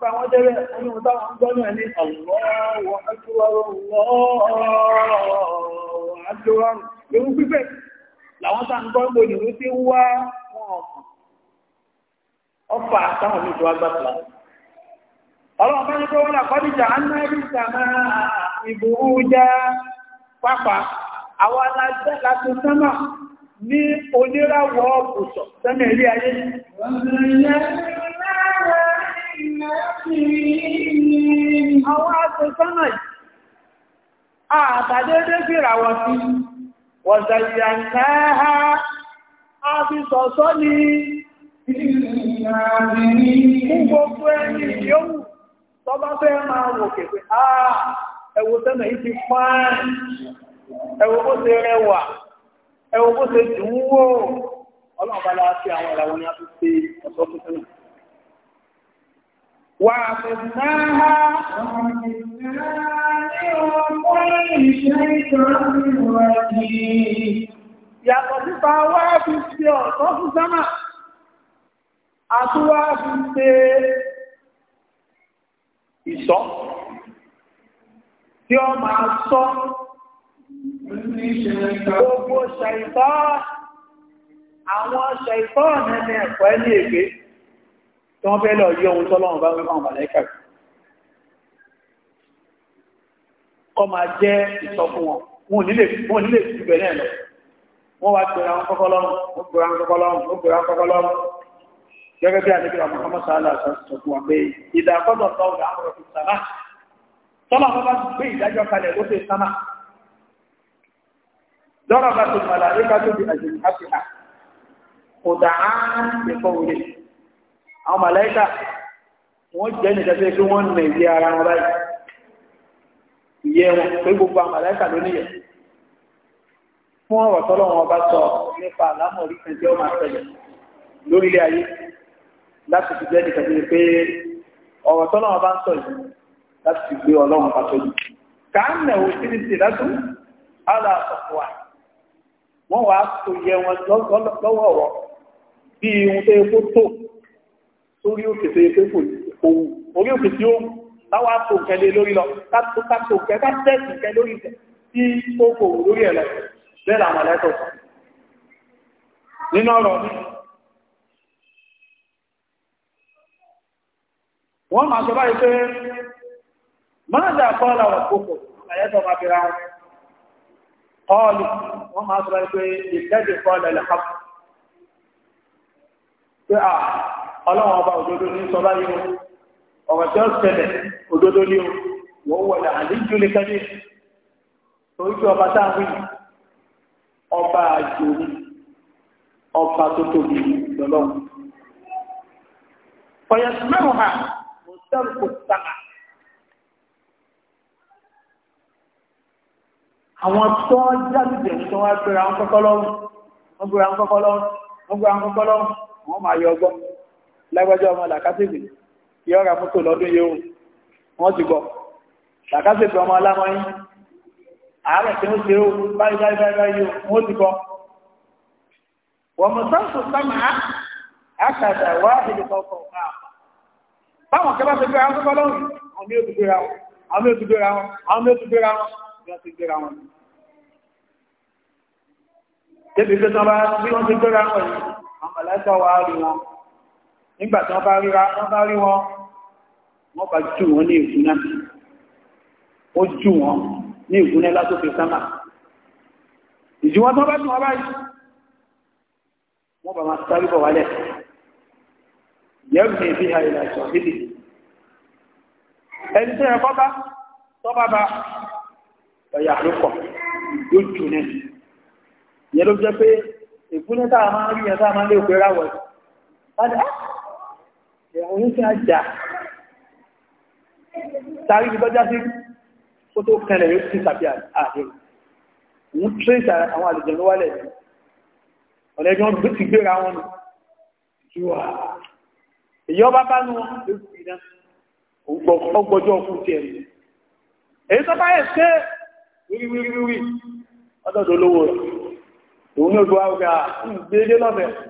pa wọ́n jẹ́rẹ́ oníhun táwọn ń gbọ́nà ní ọ̀lọ́wọ́ akíwárọ̀ lọ́wọ́ akíwárọ̀ ewu pípẹ́ làwọn tá ń gbọ́ ń gbòdì ní tí ń wá wọn ọ̀fà táwọn mi tó wá gbàgbà ọlọ́run bá ní pé wọ́n làkọ́ níjà anáàrí ìsàmà ìbúrú já pápá àwọn alájẹ́ láti sánmà ní oníràwọ̀ ọ̀pùsọ̀ sẹ́mẹ̀ ilé ayé. Àwọn aṣe sánà àtàdédé fìrà wọ̀ sí, wọ̀zàlìyà a fi sọ̀sọ́ ní gbogbo ẹni yóò tó bá fẹ́ máa wò kèfè, àà ẹwò sẹ́nà ti وعبدناها Yàtọ̀ sípa wá fi ṣe ọ̀tọ̀ fún sámà, àtúwá fi ṣe ìṣọ́, tí ó máa sọ gbogbo ṣàìtọ́, àwọn ṣàìtọ́ ọ̀nà ẹ̀kọ́ ẹni ègbé tí wọ́n fẹ́ lọ yí ohun tọ́lọ́run bá wí fáwọn màláíkà kọ́ máa jẹ́ ìsọ fún wọn wọn nílé fi bẹ̀rẹ̀ lọ wọ́n wá gbẹ̀rẹ̀ àwọn kọ́kọ́lọ́run ó gbẹ̀rẹ̀ àwọn kọ́kọ́lọ́run ó gbẹ̀rẹ̀ àwọn kọ́kọ́lọ́run gẹ́gẹ́ bí àdébìrà Muhammad sallallahu alaihi wasallam sọ fún wa pé ìdàkọ́dọ̀ tọ́wọ́ àmọ̀rọ̀ fi sàmà tọ́lá wọn bá gbé ìdájọ́ kalẹ̀ ló fi sàmà dọ́rọ̀ bá tó màlàríkà tó di àjùmọ̀ àfihàn kò dà àwọn màláíkà wọ́n jẹ́ nìkan tó yẹ kí wọ́n nà ìyẹ́ ara wọn báyìí ìyẹ́ wọn pé gbogbo àwọn màláíkà ló níyẹ̀ fún ọ̀rọ̀ tọ́lọ̀ wọn bá sọ nípa àlámọ̀rí kan tí ó máa ṣẹlẹ̀ lórílẹ̀ ayé láti fi jẹ́ nìkan tó yẹ pé ọ̀rọ̀ tọ́lọ̀ wọn bá ń sọ yìí láti fi gbé ọlọ́run pàtó yìí ká ń nà òsì ní ti látú àlà ọ̀pọ̀ wa wọ́n wàá tó yẹ wọn lọ́wọ́ bí ohun tó yẹ kó tó sórí òkè tó yẹ pé kò òwú orí òkè tí ó wù táwa tó nǹkan lé lórí lọ kátó kátó nǹkan ká tẹ̀sí nǹkan lórí tẹ̀ tí ó kò wù lórí ẹ̀ lọ bẹ́ẹ̀ làwọn ẹ̀lẹ́tọ̀ sọ. nínú ọ̀rọ̀ mi wọ́n máa sọ báyìí pé máa dà kọ́ làwọn kókò ẹ̀yẹ́tọ̀ máa fi ra wọn. قالوا وما أدرك الذي قال الحق فأعلم ọlọ́run ọba òdodo ní sọ báyìí o ọ̀rọ̀ tí ó ṣẹlẹ̀ òdodo ní o wọ́n wọlé àlejò lè kẹ́lẹ́ torí pé ọba tá à ń wí ọba àjò ni ọba tó tóbi lọ́lọ́run. ọ̀yẹ̀sùn mẹ́rùn-ún ha mo sẹ́rù kò sáà. àwọn tó jáde tó wá gbéra ń kọ́kọ́ lọ́wọ́ wọ́n gbéra ń kọ́kọ́ lọ́wọ́ wọ́n gbéra ń kọ́kọ́ lọ́wọ́ wọ́n máa yọ ọgbọ́n lágbájá ọmọ làkásìkì yóò ra mọ́tò lọ́dún yóò wọ́n ti gbọ́ làkásìkì ọmọ alámọ́yìn ààrẹ tí ó ṣe ó báyìí báyìí báyìí wọ́n ti gbọ́ wọ́n mọ̀ sáǹsù sámà àkàdà wá ìdí kọ̀ọ̀kọ̀ báwọn kẹfà ti gbéra wọn lọ́wọ́ àwọn mi ò ti gbéra wọn àwọn mi ò ti gbéra wọn àwọn mi ò ti gbéra wọn bí wọ́n ti gbéra wọn. débi pé tí wọ́n bá bí wọ́n ti gbéra wọn yìí àwọn mọ̀lẹ́kọ̀ wà á rí wọn nígbà wọ́n bá ríra wọ́n bá rí wọn wọ́n bá jù wọn ní ìgúnná ó jù wọn ní ìgúnná látòkè sámà ìjù wọn tó bá jù báyìí wọ́n bá máa sáré bọ̀ wálẹ̀ yẹ́rù ní ibi àìlà ìṣọ̀hídì ẹni tó yẹ bá tọ́ bá bá ọ̀yà ẹ̀rùn ní sí àjà tàbí ìgbọ́já sí ó tó kẹrẹ̀ yóò sí tàbí ààrẹ òun tírèsì àwọn àlejò ló wálẹ̀ ọ̀lẹ́gbẹ́ wọn ti gbéra wọn ju à èyí ọba bá nu lóṣù iná ọgbọ́jọ́ ọkùn ti ẹ̀rù èyí tó bá yẹ ṣe wíríwíríwírí ọdọ́dọ̀ olówó rẹ̀ òun ní ojú wa ó gbà ń gbé dé lọ́bẹ̀ẹ́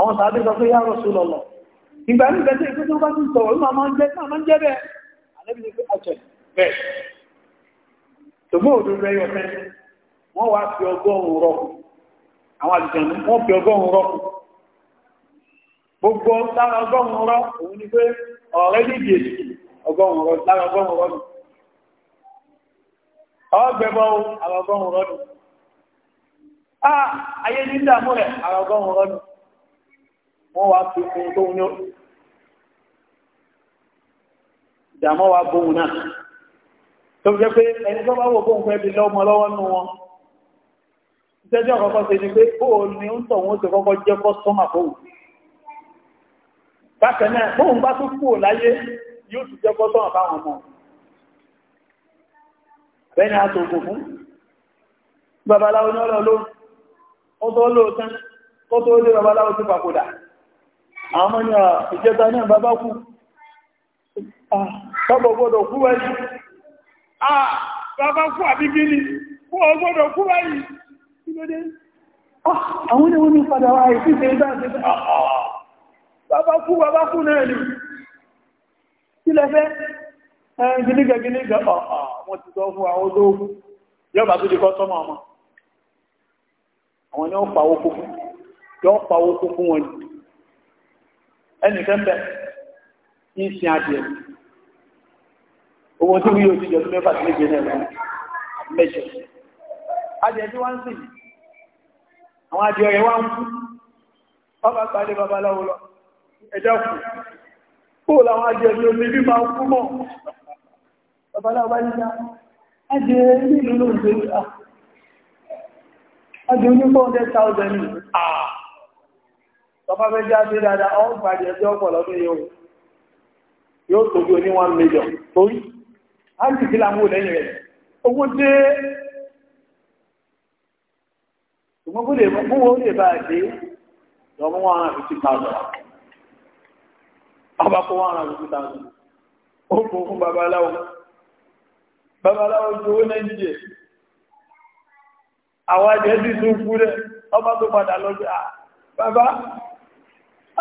àwọn sàábé sọ pé yá Rasulullah ìgbà ní ìgbẹ́sẹ̀ ìpé tó bá tún sọ̀rọ̀ ní àmọ́ jẹ́ náà máa ń jẹ́ bẹ́ẹ̀ alẹ́bí ni pé àjẹ́ bẹ́ẹ̀ tògbó òdó rẹ̀ yọ fẹ́ wọ́n wá fi ọgọ́rùn rọ́kù àwọn àjẹ̀mú wọ́n fi ọgọ́rùn rọ́kù gbogbo lára ọgọ́rùn rọ́ òun ni pé ọ̀rẹ́ dídì èsì ọgọ́rùn rọ́ wọ́n wá fi kún tó ń yó ìdàmọ́ wa bóhun náà tó jẹ́ pé ẹni tó bá wò bóhun fẹ́ bí lọ́mọ lọ́wọ́ nù wọn ìtẹ́jọ́ àkọ́kọ́ ṣe ni pé bóhun ni ń tọ̀wọ́n ti kọ́kọ́ jẹ́ kọ́sọ́mà bóhun bákan náà bóhun bá tún kúrò láyé yóò ti jẹ́ kọ́sọ́mà báwọn ọmọ bẹ́ni a tó gùn fún babaláwo ní ọlọ́ọ̀lọ́ ọ̀tọ́ lóòótán kó tó lé babaláwo ti papòdà àwọn ọmọ ìjẹta náà bàbá kú sọ́bọ̀ gbọ́dọ̀ kú wáyé ah bàbá kú àbíbí ni kú ọgbọ́dọ̀ kú wáyé kí ló dé àwọn ní wọ́n ní padà wá ìfífẹ́ ìdáṣẹ́ bàbá kú bàbá kú náà ni kí lẹ́fẹ́ gínígẹ̀gínígẹ̀ wọ́n ti sọ fún àwọn olóògùn yọba tó di kọ́ sọ́mọ̀ ọmọ àwọn ni ó pàwó kú fún wọn ẹnìkan bẹ ní sin adìẹ owó tí wí ojú ìjọdún mẹ́fà sí méje náà mẹ́jọ adìẹ tí wọ́n ń sìn àwọn adìẹ rẹ̀ wá ń kú ọba pàdé babaláwo lọ ẹjọ́ kù kó làwọn adìẹ ní omi bí máa kú mọ́ babaláwo bá nígbà adìẹ nílùú lóòdó ah, adìẹ onígbọ́n 100,000 ah tọ́pá fẹ́ já sí dáadáa ọ́n gbàdì ẹjọ́ ọ̀pọ̀ lọ́dún yóò yóò tóbi oní one million torí áńtì sí làwọn olẹ́yìn rẹ̀ owó dé ṣùgbọ́n kó lè mú owó lè bá dé lọ́mú wọn hàn fifty thousand ọba kó wọn hàn fifty thousand ó kó fún babaláwo babaláwo gbowó nàìjíríà àwọn àjẹ́ sì tún kú rẹ̀ ọba tó padà lọ sí ah, bàbá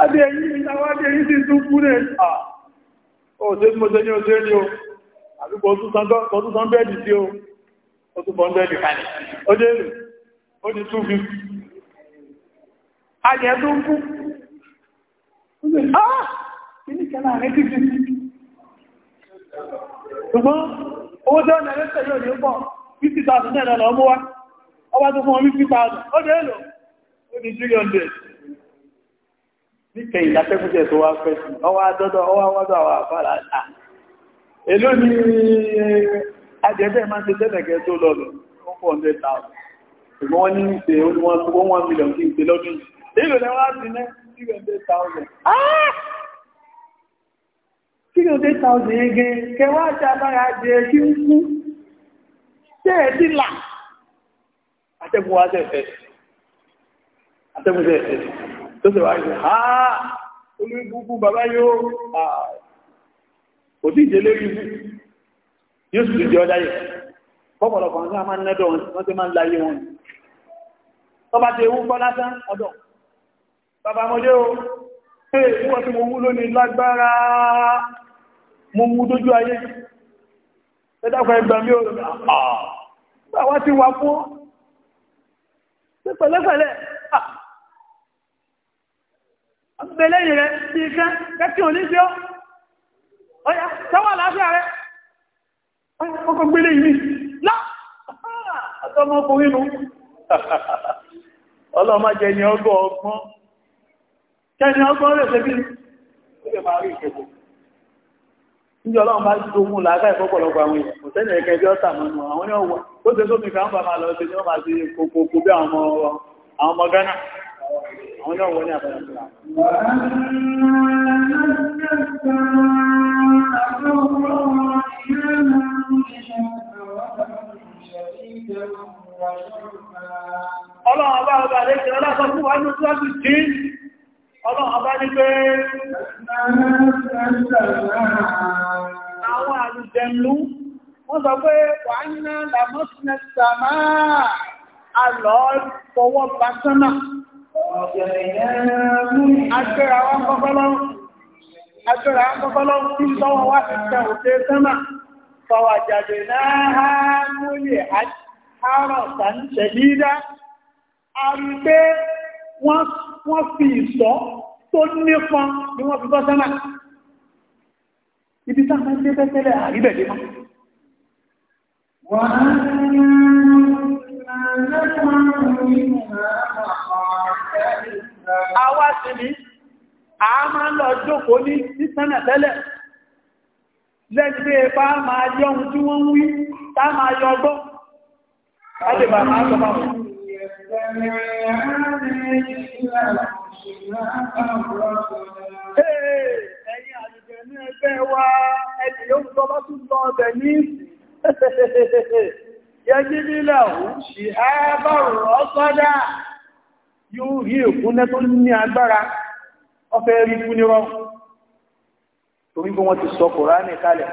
adéyìn ìtawọ́ adéyìn sí tún kú rẹ̀ ọ̀sẹ̀ tí mo ṣe ní oṣù rí o àbíkọ̀ ọdún sán bẹ́ẹ̀dì sí o ó tún bọ́n bẹ́ẹ̀dì kalẹ̀ ó dé ah, rẹ̀ ó ní tún fi ayẹ tó ń kú ṣùgbọ́n owó tó ọ̀nà ẹ̀rẹ́sẹ̀ yóò ní pọ̀ 50,000 náà lọ mú wá ọwá tó fún ọmọ 50,000 ó dé èlò ó ní 300 níkẹ ìdátẹ́kùnjẹ tó wá fẹ́ sí ọwọ́ adọ́dọ́ ọwọ́ awọ́dọ́ àwọn àfàrà àtà èló ni ajẹ́bẹ́ máa ṣe tẹ́lẹ̀kẹ́ tó lọ́lọ́ 400,000 ṣùgbọ́n wọ́n ní ṣe olúwọ́n tó wọ́n mílíọ̀n kí n ṣe lọ́dún èló lẹ́wọ́n á ti ná 300,000 300,000 ege kẹwàá ṣe abára jẹ kí ń kú ṣe ẹ̀ sí là atẹ́kùn wa ṣẹ̀fẹ̀ atẹ́kùn ṣẹ̀fẹ̀ tó sì wá ìṣẹ́ ha olúgbùgbù bàbá yóò kò sí ìjẹ́ lórí ibú yóò sì jẹ́ ọdá yìí pọ́pọ̀lọpọ̀ ní a máa nẹ́dọ̀ wọ́n tí máa ń láyé wọn tó bá ti ewu kọ́ lásán ọ̀dọ̀ bàbá mọ́dé o pé ìwọ́n tí mo wú lónìí lágbára mo mú dójú ayé ẹ̀dàkọ̀ ẹgbà mí o bàbá ti wà fún pẹ̀lẹ́pẹ̀lẹ́ gbẹ̀lẹ́yìn rẹ̀ sí ikẹ́ kẹ́kí ò ní sí ọ́ ọ̀yá tẹ́wà láàáfíà rẹ̀ ọkọ̀ gbẹ̀lẹ́ yìí lá ọ̀tọ́mọkùnrin nù ọlọ́mọdé ni ọgbọ́ ọgbọ́n kẹ́ni ọlọ́run bá ìfọ́pọ̀lọpọ̀ àwọn ẹ̀kẹ́ bí àwọn ó tẹ́ sómi lọ sí ní máa ọmọ Ghana àwọn náà wọ́n ní àbára síra. Ọlọ́run ọba ọba lẹ́kẹ̀ẹ́ ọlọ́sọ fún wa ní oṣù tí ọlọ́run ọba ní pé àwọn àrùjẹ̀lú wọ́n sọ pé wà ní lámọ́sí nẹ́ta máa àlọ́ fọwọ́ bá sánà. Agbẹ́ra wọn kọ́kọ́lọ́ tí sọ́wọ́ wá ti tẹ òfin sánmà, fọwà jàdè náà ha múlẹ̀ àárọ̀ta ń tẹ̀lídá. A rí pé wọ́n fi ìṣọ́ tó nífọn ni wọ́n fi bọ́ sánmà. Ibi sáàmà àwa sì ní a lọ jókòó ní sísánà tẹ́lẹ̀ lẹ́gbẹ́ bá máa yọ ohun tí wọ́n wí tá máa yọ ọgbọ́ lájẹ̀bà máa tọ́ bá tún lọ nílẹ̀ òun ṣì á sọ́dá yóò rí èkúnlẹ̀ tó ní agbára ọfẹ́ rí fún nírọ́ torí bí wọ́n ti sọ kòránì kalẹ̀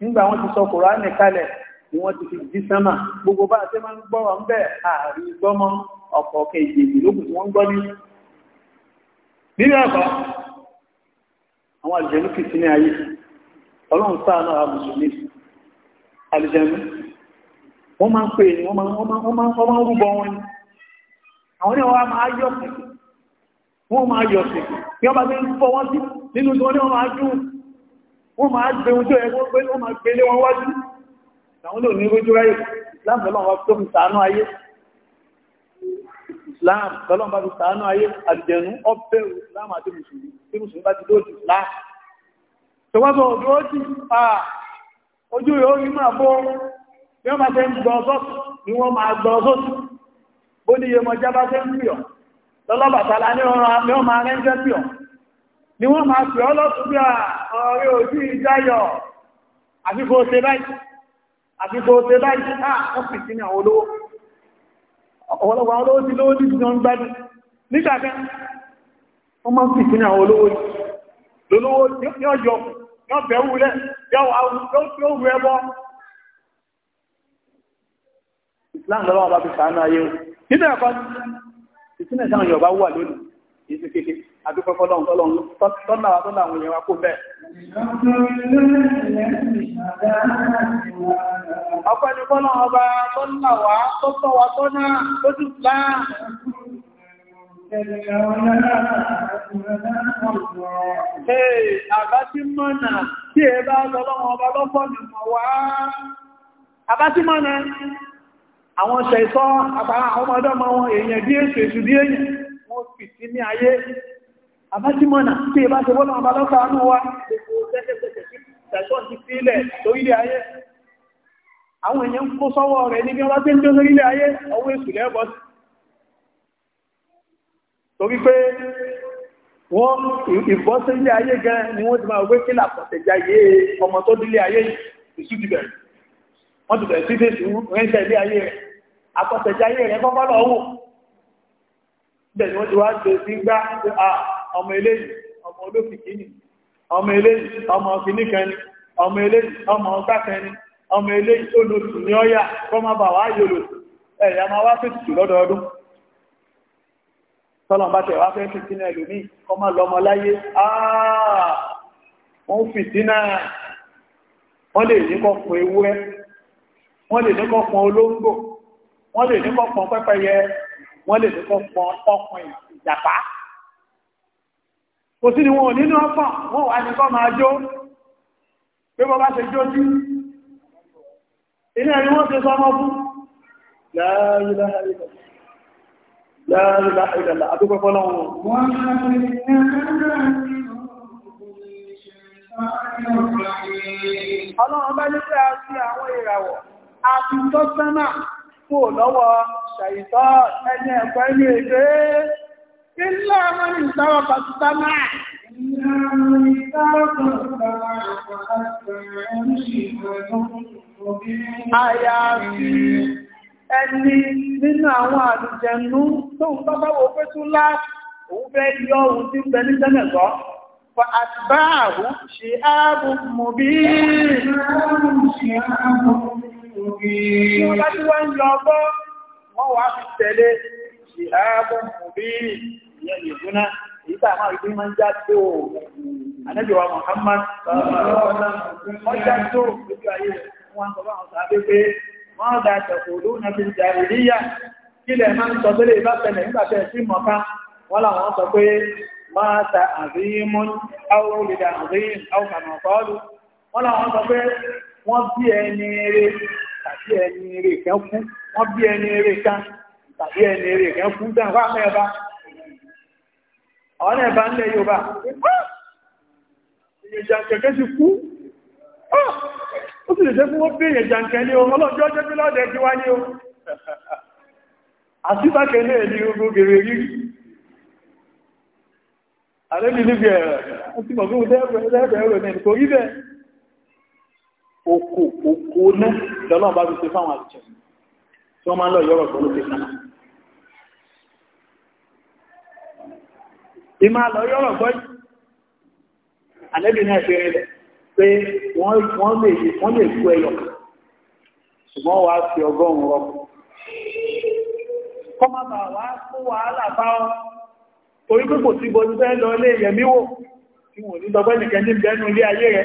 nígbà wọ́n ti sọ kòránì kalẹ̀ ni wọ́n ti fi dí sánmà gbogbo bá ṣe máa ń gbọ́rọ̀ ń bẹ̀ ààrí gbọ́mọ́ ọ̀pọ̀ kejì lókùn tí wọ́n gbọ́ ní nínú ẹ̀kọ́ àwọn àlùjẹ̀nú kì sí ní ayé ọlọ́run máa ń pè ní wọ́n máa ń rúbọ wọn ni àwọn ní wọ́n máa yọ̀ sí wọ́n máa yọ̀ sí ní ọba tí ń fọ́ wọ́n sí nínú tí wọ́n ní wọ́n máa dùn wọ́n máa gbé ohun tó yẹ kó gbé wọ́n máa gbé lé wọn wájú àwọn lò ní rójú ráyè Islam tọ́lọ́n bá tó fi sàánú ayé Islam tọ́lọ́n bá fi sàánú ayé àjẹ̀nú ọ̀fẹ́ Islam àti mùsùlùmí tí mùsùlùmí bá ti dóòtì Islam tọ́wọ́sọ òdó ti pa ojú rẹ̀ ó rí máa bọ́ bí wọ́n bá fẹ́ gbọ́ ọ̀sọ́sì ni wọ́n máa gbọ́ ọ̀sọ́sì bó ní iye mọ̀já bá tẹ́ ń pì ọ́ lọ́lọ́bàtàlá ní ọ̀rọ̀ máa rẹ́ńjẹ́ pì ọ́ ni wọ́n máa pè ọ́ lọ́tún bí ọ̀rẹ́ òjú ìdáyọ̀ àfikò ṣe báyìí àfikò ṣe báyìí náà wọ́n pì sí ní àwọn olówó ọ̀pọ̀lọpọ̀ àwọn olówó ti lówó ní ìjọ ń gbádùn nígbàkẹ́ wọ́n máa pì sí ní àwọn olówó yìí lólówó yọ́ yọ yọ́ rẹ̀ yọ́ láàrín lọ́wọ́ bá fi sàánú ayé o nínú ẹ̀kọ́ ìsínà ìsáwọn Yorùbá wà lónìí ìsìn kéke àdúpẹ́ fọ́lọ́run Àbá tí mọ́nà tí ẹ bá tọ́lọ́run ọba lọ́pọ̀ nìmọ̀ wá. Àbá tí mọ́nà àwọn ṣẹ̀ṣọ́ àpàrà àwọn ọmọdọ́mọ wọn èèyàn bí èsù èsù bí èèyàn wọ́n fi sí ní ayé àbájímọ̀nà tí ìbá ṣe wọ́n bá lọ́ta anú wa ṣẹ̀ṣọ́ ti sílẹ̀ lórílẹ̀ ayé àwọn èèyàn kó sọ́wọ́ rẹ̀ ní bí wọ́n bá tí ń dé lórílẹ̀ ayé ọwọ́ èsù lẹ́bọ̀ torí pé wọ́n ìbọ́sílẹ̀ ayé gan ni wọ́n ti máa wé kí làpọ̀tẹ̀já yé ọmọ tó dílé ayé ìsú ti bẹ̀rẹ̀ wọ́n ti bẹ̀rẹ̀ sí fèsì rẹ́ńṣẹ́ ilé ayé rẹ̀ àkọsẹ̀jáyé rẹ̀ kọ́kọ́ lọ wò bẹ́ẹ̀ ni wọ́n ti wá ṣe sí gbá ọmọ eléyìí ọmọ olókìkí ọmọ eléyìí ọmọ ọkìní kan ni ọmọ eléyìí ọmọ ọgbà kan ni ọmọ eléyìí olóòtú ní ọyà kọ́ má bà wá yòlò ẹ̀yà máa wá sí tìtù lọ́dọọdún tọ́lọ̀ bá tẹ̀ wá fẹ́ fìtínà ẹlòmíì kọ́ má lọ́mọ láyé áà wọ́n fìtínà wọ́n lè ní fún ewúrẹ́ wọ́n lè ní fún olóńgbò wọ́n lè ní kọ́pọ̀n pẹ́pẹ́yẹ wọ́n lè ní kọ́pọ̀n ọkùn ìjàpá kò sí ni wọn ò nínú ọkàn wọ́n wà ní kọ́ máa jó pé wọ́n bá ṣe jó sí ilé ẹni wọ́n ṣe sọmọ́ fún láàrílá ìdàlá àdúgbẹ́fọ́ lọ́wọ́ wọ́n Ọlọ́run bá ní pé a sí àwọn ìràwọ̀, a fi tọ́ sánmà kúrò lọ́wọ́ ṣàìtọ́ ẹni ẹ̀kọ́ ẹni èdè ilé ọmọ ní ìsáwọ̀ pàtàkì Àyàfi ẹni nínú àwọn àlùjẹnú tó ń bábá wo pé tún lá òun fẹ́ yọ ohun tí ń bẹ ní jẹ́mẹ̀gọ́. Àtìbáàrù ṣe ààbò mọ̀ bí i. Tí wọ́n bá tí wọ́n ń lọ bọ́, wọ́n wá fi tẹ̀lé ṣìhábùn òbí ìyẹn ìgbóná, èyí tàà máa ìgbé máa ń já tó Muhammad, wọ́n já tó ojú ayé wọn sọ bá wọn sàábé pé wọ́n dá tẹ̀kù lóòrùn fi jàrìdíyà kílẹ̀ máa ń sọ tó lè bá tẹ̀lẹ̀ nígbàtẹ̀ sí mọ̀ká wọ́n làwọn sọ pé máa ta àríyìnmún àwọn olùdà àríyìn àwọn tàbí ẹni eré kan fún wọ́n bí ẹni eré kan tàbí ẹni eré kan fún bẹ́ẹ̀ wá mẹ́ẹ̀bá ọ̀nà ẹ̀bá ńlẹ̀ Yorùbá ìjànkẹ̀ kẹ́ sí kú ó sì lè jẹ́ fún wọ́n bí ìjànkẹ̀ ní ohun ọlọ́jọ́ jẹ́ bí lọ́dẹ̀ jí wá ní ohun àtíbákẹ́ náà ní ogun gèrè rí àrẹ́bì níbi oko oko ná lọ́nà bá fi ṣe fáwọn àjẹ́ tí wọ́n máa ń lọ yọ́rọ̀ tó ló fi sára ìmá lọ yọ́rọ̀ gbọ́ yìí àlẹ́bì náà fi rí rẹ̀ pé wọ́n lè kú ẹyọ ṣùgbọ́n wàá fi ọgọ́rùn-ún rọ kọ́ má bà wá kó wàhálà bá ọ orí pé kò sí bọ́dún fẹ́ lọ ilé ìyẹ̀mí wò tí wọ́n ní lọ́gbẹ́ nìkan ní bẹ́nu ayé rẹ̀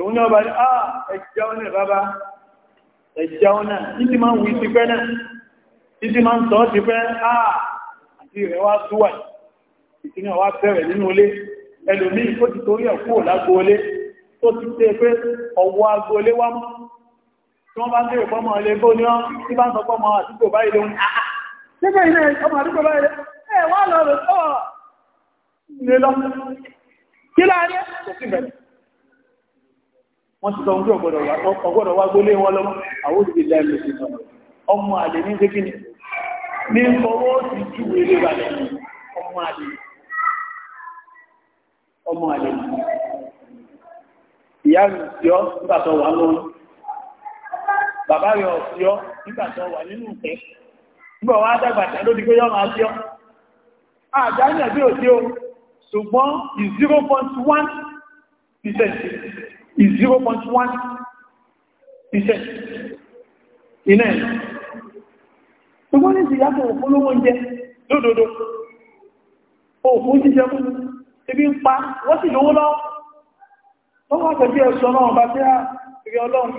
òun ah, náà bá ní àà ẹjá ọ́nà bàbá ẹjá ọ́nà títí máa ń wí ti pẹ́ náà títí máa ń sọ ti pẹ́ àà ah, àti rẹ̀ wá súwà ìtìní ọwá bẹ̀rẹ̀ nínú ilé ẹlòmí ó ti torí ẹ̀ kúrò lágboolé tó ti tẹ́ pé ọwọ́ agboolé wá mú tí wọ́n bá ń bèèrè fọ́mọ ilé bó ní wọ́n tí bá ń sọ fọ́mọ àdúgbò báyìí lóhun àà nígbà ilé ọmọ àdúgbò báyìí ẹ̀ eh, wá lọ rẹ̀ sọ́ọ̀ wọ́n ti sọ oúnjẹ ọgbọ́dọ̀ wá gbólé wọn lọ́wọ́ àwọn òṣìṣẹ́ ìlà ìlú ìsìnkú ọmọ àlè ní ṣe kíni ní ọwọ́ ti ju eré balẹ̀ ọmọ àlè ọmọ àlè ìyá rẹ̀ sí ọ nígbà tó wà lọ́nà bàbá rẹ̀ ọ̀ sí ọ nígbà tó wà nínú ìfẹ́ nígbà wá dàgbà tẹ́ ló di pé yọ́mà sí ọ àjá ní ẹ̀bí òde o ṣùgbọ́n 0.1 percent is 0.1 percent iná ẹ̀ ṣùgbọ́n ní ìyàtọ̀ òfúnlówó oúnjẹ lódodo òfún jíjẹ mú ibi ń pa wọ́n sì lówó lọ́wọ́ wọ́n wá pẹ̀lú ẹ̀ṣọ́ náà bá tẹ́ àrẹ ọlọ́run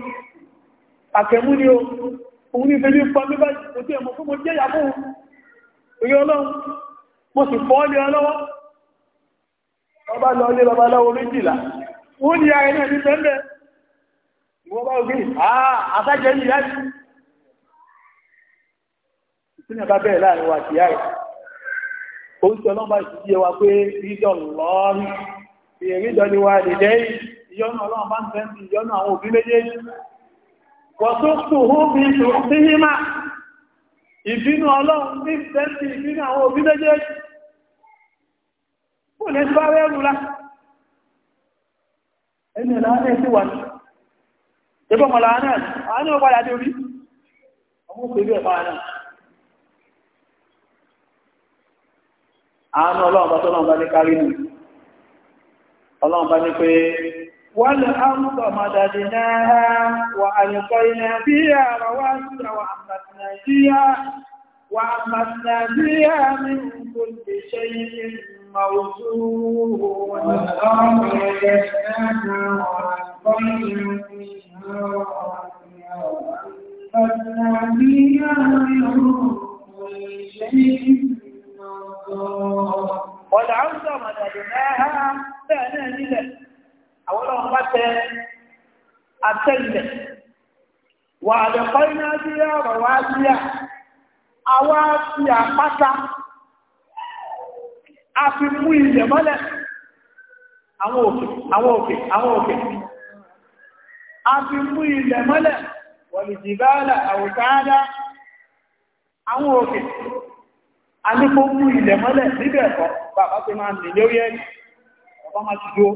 àtẹ̀mú ni o òun ní ìfẹ́lú pa mẹ́bá ìpòtí ẹ̀mọ̀ fún mo jẹ́ ìyàbò orí ọlọ́run mo sì fọ́ lé ọlọ́wọ́ ọba lọ lé babaláwo méjìlá ó ní ara ẹ̀nà ní pẹ́ńpẹ́ ìwọ́n bá gbé àà àtàjẹ́ yìí láti ìpínlẹ̀ bá bẹ̀rẹ̀ láàrin wa sí ààrẹ ó ń sọ lọ́mbà ìsìnkú wa pé rídọ̀ lọ́rí ìrídọ̀ ni wa lè dẹ́ ìyọ́nà ọlọ́run bá ń fẹ́ sí ìyọ́nà àwọn òbí ẹni ìlànà ẹ̀sí wà ní ẹgbẹ́ ọmọ làánà àánà ọpadà dé orí ọmọ òṣèlú ẹ̀fà náà àánà ọlọ́run bá tọ́lọ́run bá ní kárí nù ọlọ́run ní pé wọ́n lè ámúkọ̀ mọ̀dàdì náà wà àyẹ̀kọ́ ilẹ̀ bí i àrọ̀ wá sí àwọn àmàtì Nàìjíríà wà àmàtì Nàìjíríà ní موسوم والأرض يشتاها والطير فيها وأنبتنا فيها من كل شيء والعرض مددناها فأنا لله أولا متى أتلت وألقينا فيها رواسي أواسي أقصى a fi mú ilẹ̀ mọ́lẹ̀ àwọn òkè àwọn òkè àwọn òkè a fi mú ilẹ̀ mọ́lẹ̀ wọ̀lùjìbáàlà àwòtáàdá àwọn òkè a ní kó mú ilẹ̀ mọ́lẹ̀ níbẹ̀ ẹ̀kọ́ bàbá tó máa nì lórí ẹ̀ ọ̀pá máa ti dó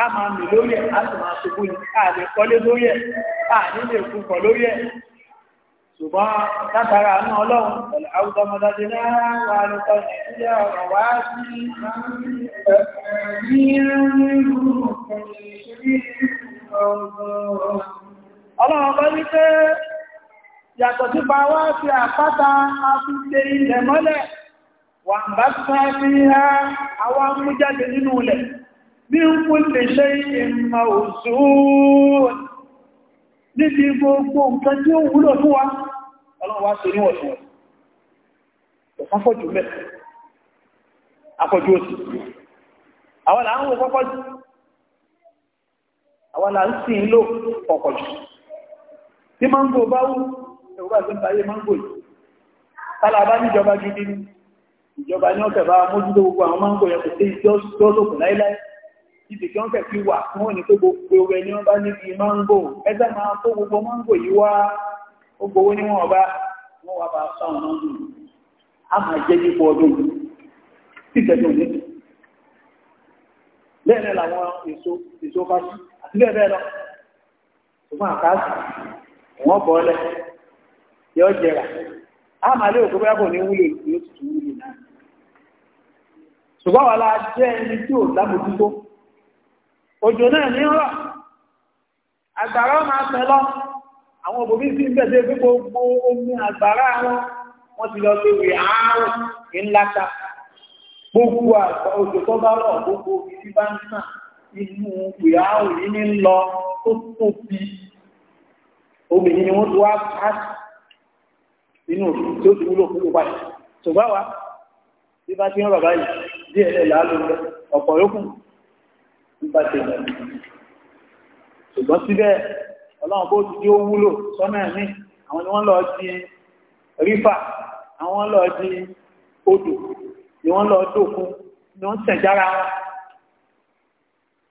a máa nì lórí ẹ̀ a sì máa ṣubú ní ààrẹ kọ́lé lórí ẹ̀ ààrẹ lè kúkọ lórí ẹ̀ ṣùgbọ́n látara ní ọlọ́run pẹ̀lú àwùjọmọdájẹ́ náà wà lọ́pọ̀ nàìjíríà ọ̀rọ̀ wá sí ọlọ́run bá ní pé yàtọ̀ sí bá wá sí àpáta afúnṣe ilẹ̀ mọ́lẹ̀ wà ń bá sáré ha àwọn amújáde nínú ilẹ̀ bí ń kún lè ṣe ìmọ̀ òṣùúrùn níbi gbogbo nǹkan tí ó wúlò fún wa ọlọ́run wá ṣe níwọ̀síwọ̀sí kò sáfọ́jú mẹ́ afọ́jú òsì àwọn là ń wo kọ́kọ́ jù àwọn là ń sì ń lò ọkọ̀ jù tí máńgò bá wú ẹ̀wọ́ àti ìtàyé máńgò yìí tálà bá níjọba gidi ni ìjọba ní ọ̀kẹ̀ bá mójútó gbogbo àwọn máńgò yẹn kò sí ìjọ́sọ̀kù láíláí ibi kí wọ́n kẹ̀ fi wà fún òní tó gbogbo ẹni wọ́n bá níbi máńgò ẹgbẹ́ máa kó gbogbo máńgò yìí wá ó gbowó níwọ̀n ọba wọ́n wá bá sáwọn náà dùn á máa jẹ́ yípo ọdún tí ìtẹ́jú òní bẹ́ẹ̀ náà làwọn èso èso bá sí àti bẹ́ẹ̀ bẹ́ẹ̀ lọ ṣùgbọ́n àkáàsì wọ́n bọ́ ọlẹ̀ yọ jẹrà á máa lé òkú bẹ́ẹ̀ bọ̀ ní wúlò ní òtútù wúlò náà ṣùgbọ́n wà láà jẹ́ ẹni tí ò lábòjútó òjò náà ní ọ̀rọ̀ àgbàrá máa fẹ́ lọ àwọn òbí sí ń bẹ̀sẹ̀ pé gbogbo omi àgbàrá wọn wọ́n ti lọ sí ìwé àárọ̀ ńláta gbogbo àgbà òjò tó bá rọ̀ gbogbo omi tí bá ń sàn inú ìwé àárọ̀ yìí ní lọ tó tóbi omi yìí ni wọ́n tó wá pàṣẹ inú òfin tí ó ti wúlò fún ìpàdé ṣùgbọ́n wa bí bá ti ń rọ̀ báyìí díẹ̀ ẹ̀ láàlú ọ̀pọ̀ yókù bí bá ti rọ̀ ṣùgbọ́n síbẹ̀ ọlọ́run bó ti jẹ́ ó wúlò sọ́nà ẹ̀mí àwọn ni wọ́n lọ di rífà àwọn lọ di odò ni wọ́n lọ dókun ni wọ́n tẹ̀jára wọn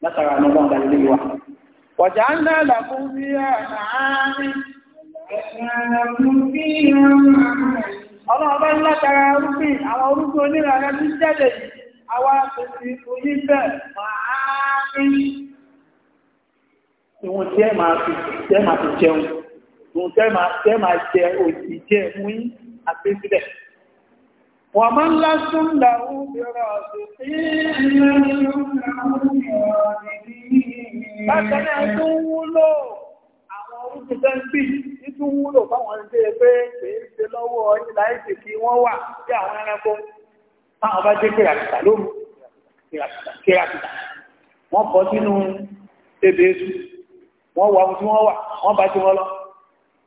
látara ní ọlọ́run dalẹ̀ lè wà wọ̀já ń dá làkún sí àárín ọlọ́run bá ń látara ìwọ̀n tí ẹ máa fi jẹun ìwọ̀n tí ẹ máa jẹ òjì jẹ mú yí àti sílẹ̀ wọ́n máa ń lásán làwọn obìnrin ọ̀sẹ̀ bákan náà tó wúlò àwọn orúkú sẹ́ńtì títú wúlò fáwọn ẹni tó yẹ pé kìí ṣe lọ́wọ́ ìlàíṣì kí wọ́n wà sí àwọn ẹranko táwọn bá jẹ́ kìràkìtà lóru kìràkìtà wọ́n bọ́ sínú ebè èṣù wọ́n wà tí wọ́n wà wọ́n bá tí wọ́n lọ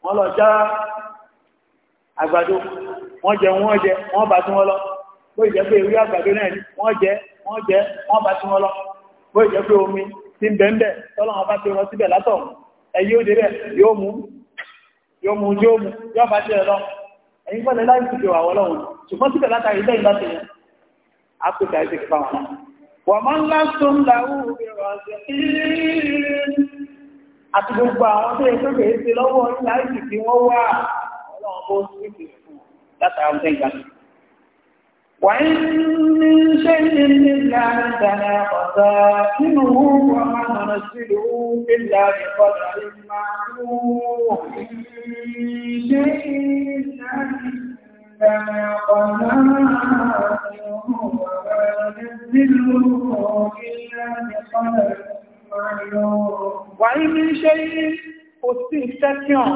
wọ́n lọ já àgbàdo wọ́n jẹ wọ́n jẹ wọ́n bá tí wọ́n lọ bó ìjẹ́ pé ewé àgbàdo náà ni wọ́n jẹ wọ́n jẹ wọ́n bá tí wọ́n lọ bó ìjẹ́ pé omi ti ń bẹ̀ẹ́ tọ́lọ́ wọn bá tí wọ́n síbẹ̀ látọ̀ ẹ̀yí òde rẹ̀ yóò mú yóò mú yóò mú yóò bá tí ẹ lọ ẹ̀yìn pẹ̀lẹ́ láì sì wà wọ́n lọ́wọ́ ṣùgbọ́n síbẹ̀ látàrí ilé ìgbà tẹ̀yẹn á kó ìdájọ́ ìfipá wọn. wọ́n máa ń lásán láwùjọ ọ̀sẹ̀ àti gbogbo àwọn tó yẹ kó kèé ṣe lọ́wọ́ nílá ìsìnkú wọn wà ọlọ́run bó sì fún látara ọdún ìgbà tó. وإن من شيء إلا عندنا خزائنه وما ننزله إلا بقدر معلوم من شيء عندنا خزائنه وما ننزله إلا بقدر wàyí ní ṣe kò sí sẹ́kíọ̀n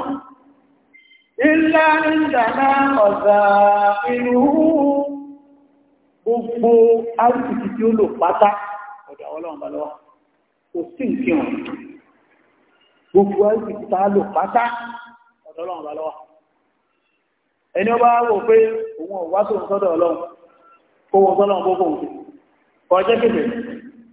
ilá ìdàná ọ̀zà inú gbogbo arìsìkì tí ó lò pátá ọ̀dọ̀ ọlọ́run bá lọ́wọ́ kò sí ìkíọ̀n gbogbo arìsìkì tá lò pátá ọ̀dọ̀ ọlọ́run bá lọ́wọ́ ẹni ọba wò pé òun ọ̀wá sóhun sọ́dọ̀ ọlọ́run kó wọn sọ́lọ́run bó kóhun sí kéde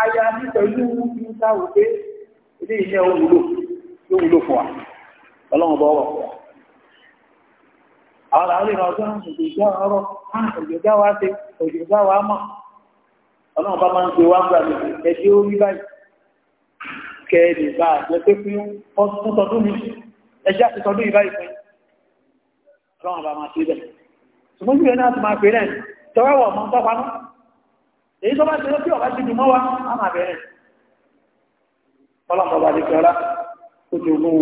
aya ní pẹ̀lú níta òpé ilé iṣẹ́ òwúlò ló wúlò fún wa ọlọ́run bọ́ wọ̀ fún wa àwọn àwọn ìrìn ọjọ́ òjòjá ọ̀rọ̀ ah, òjòjá wa ṣe òjòjá wa mọ̀ ọlọ́run bá máa ń gbé wá ń gbà mí ẹjẹ́ ó rí báyìí kẹ́ẹ̀lì bá àjẹ́ pé fún tọdún mi ẹjẹ́ àti tọdún yìí èyí tó bá ṣe tí ọba ti dùn mọ́ wa á máa bẹ̀rẹ̀ ọlọ́mọba lè fi ọlá ó ti ogún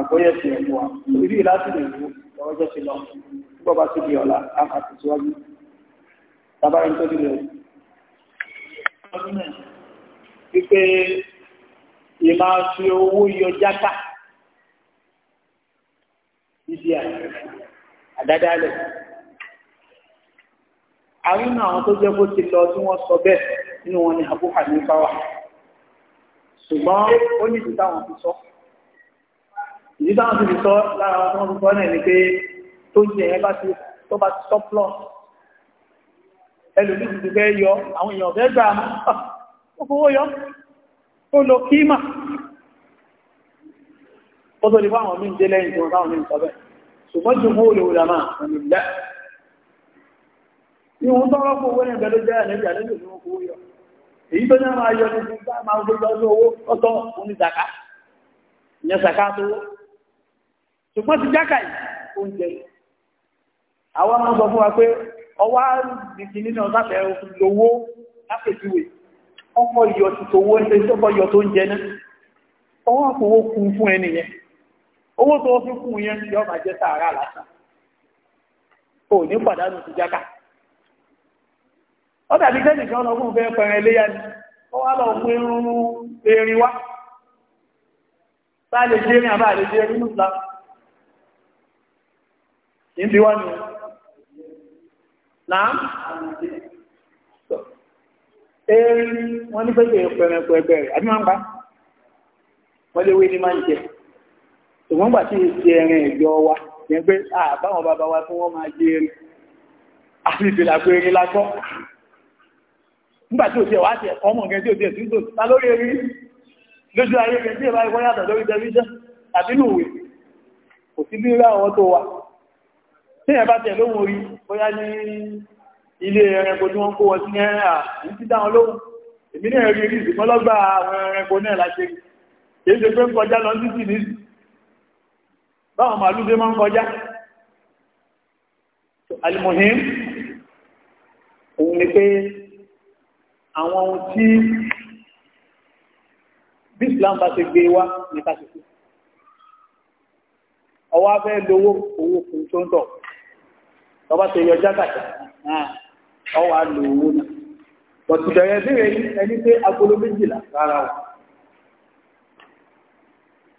àgbọ́yẹ̀ sí ẹ̀kọ́ wa ìrí láti lè wo ọjọ́ ti lọ nígbà bá ti di ọ̀la á máa ti síwájú tábàrí tó dìde ọdún náà wípé ìmá fi owó yọ jáká ìdí àdádálẹ̀ àrínà àwọn tó jẹ́ kó ti lọ tí wọ́n sọ bẹ́ẹ̀ nínú wọn ni Abu Hanifa wà ṣùgbọ́n ó ní ìdí táwọn fi sọ ìdí táwọn fi sọ lára wọn tí sọ náà ni pé tó jẹ́ ẹ bá ti tó bá ti sọ́pọ̀ ẹlòmí ti fẹ́ yọ àwọn èèyàn fẹ́ gbà ah, ó fowó yọ ó lọ kíímà ó tó di fáwọn mí ń lẹ́yìn tí wọ́n táwọn mí sọ bẹ́ẹ̀ ṣùgbọ́n jù mú iwu tọ́rọ fún owó ẹ̀bẹ̀ ló jẹ́ ẹ̀lẹ́bì àlẹ́bì ní owó yọ èyí tó náà máa yọ ní ti bá máa gbé lọ owó ọ̀tọ̀ òní zaka ìyẹn tó ṣùgbọ́n ti yìí oúnjẹ àwọn ọmọ sọ fún wa pé ọwá nínú ọ̀sáfẹ́ ti tòwó ẹsẹ̀ yọ tó ń jẹ náà ọwọ́ àpòwó kún fún ẹni yẹn ọ dàbí kẹ́sì kan lọ fún fẹ́ pẹ̀rẹ̀ léyà ni ó wá lọ fún irun erin wá sáà lè ṣe erin àbá lè ṣe ìlà ìbí ni náà erin wọ́n ní pẹ́sẹ̀ pẹ̀rẹ̀ pẹ̀rẹ̀ àbí wọ́n lé wé ní máa ń jẹ tí nígbà tí ó ti ẹ̀wà ti ẹ̀kọ́ ọmọ nǹkan tí ó ti ẹ̀sìn tó ta lórí eré lójú ayé rẹ̀ tí ìbá ìwọ́n yàtọ̀ lórí tẹlifíṣàn àbí lùwẹ̀ kò sí bí ráwọn tó wà tí ẹ̀ bá tẹ̀ lóhun orí bóyá ní ilé ẹranko tí wọ́n kó wọ sí ẹ̀rẹ́ àti títà wọn lóhun èmi ní ẹ̀rí rí ìsìnkọ́ lọ́gbà àwọn ẹranko náà láṣẹ kìí ṣe pé ń kọjá lọ títì ní báwọn màálù dé máa ń kọjá alimohim òun ni pé àwọn ohun tí bí Islam bá ṣe gbé wá ní káṣíkú ọwọ́ abẹ́ lówó owó kùn tó ń tọ̀ ọba ṣe yọ jákàtà náà ah, ọwọ́ àlò owó náà bọ̀tùbẹ̀rẹ̀ bèèrè ẹni pé agolo méjìlá rárá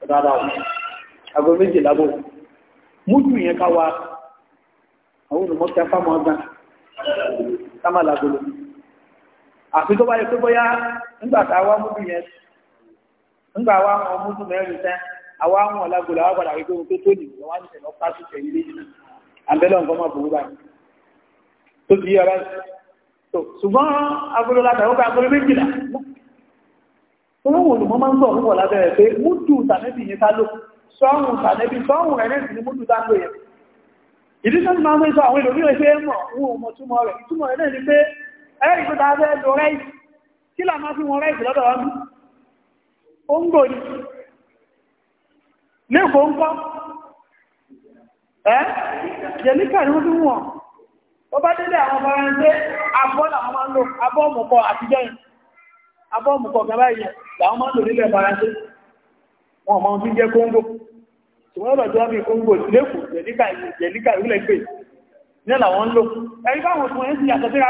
o rárá o agolo méjìlá bò mútu yẹn ká wa àwọn olùmọ̀ọ́kẹ́ fáwọn ọgbà ká má làgolo àfi tó bá yẹ pé bóyá tá a wá múdù yẹn nígbà wá wọn múdù mẹ́rin tán àwa wọn ọ̀làgbò làwọn padà rí pé wọn tó tó nì wọn wá ní tẹ̀lé ọ̀pá sí tẹ̀lé lé yìí àbẹ́lẹ̀ nǹkan máa bòwú báyìí tó ti yára tó ṣùgbọ́n agolo láti àwọn agolo méjìlá tó wọ́n wò ló mọ́ máa ń sọ̀rọ̀ wọ̀ lábẹ́rẹ̀ pé múdù tànẹ́bì yẹn sálò sọ́hùn tànẹ́bì sọ́hùn rẹ̀ náà sì ni múdù sáńgò yẹn ìdí sọ́hùn máa ń sọ àwọn èlò ní ẹgbẹ́ mọ̀ wọn ò mọ̀ túmọ̀ rẹ̀ ìtumọ̀ rẹ̀ náà ni pé ẹ̀rì tó dáa bẹ́ẹ̀ lọ rẹ́ìsì kí là máa fi wọn rẹ́ìsì lọ́dọ̀ wọn ó ń gò ní lẹ́kọ̀ọ́ ń kọ́ ẹ́ jẹ̀líkà ni wọ́n fi wọ́n ó bá délé àwọn faransé abọ́ làwọn máa ń lò abọ́ mùkọ àtijọ́ yìí abọ́ mùkọ gaba yìí làwọn máa ń lò nílẹ̀ faransé wọn máa fi jẹ́ kóńgò ṣùgbọ́n lọ́jọ́ bí kóńgò lẹ́kọ̀ọ́ jẹ̀líkà ìrúlẹ̀ gbé ní làwọn ń lò ẹ̀rí báwọn fún ẹ̀ sì yàtọ̀ síra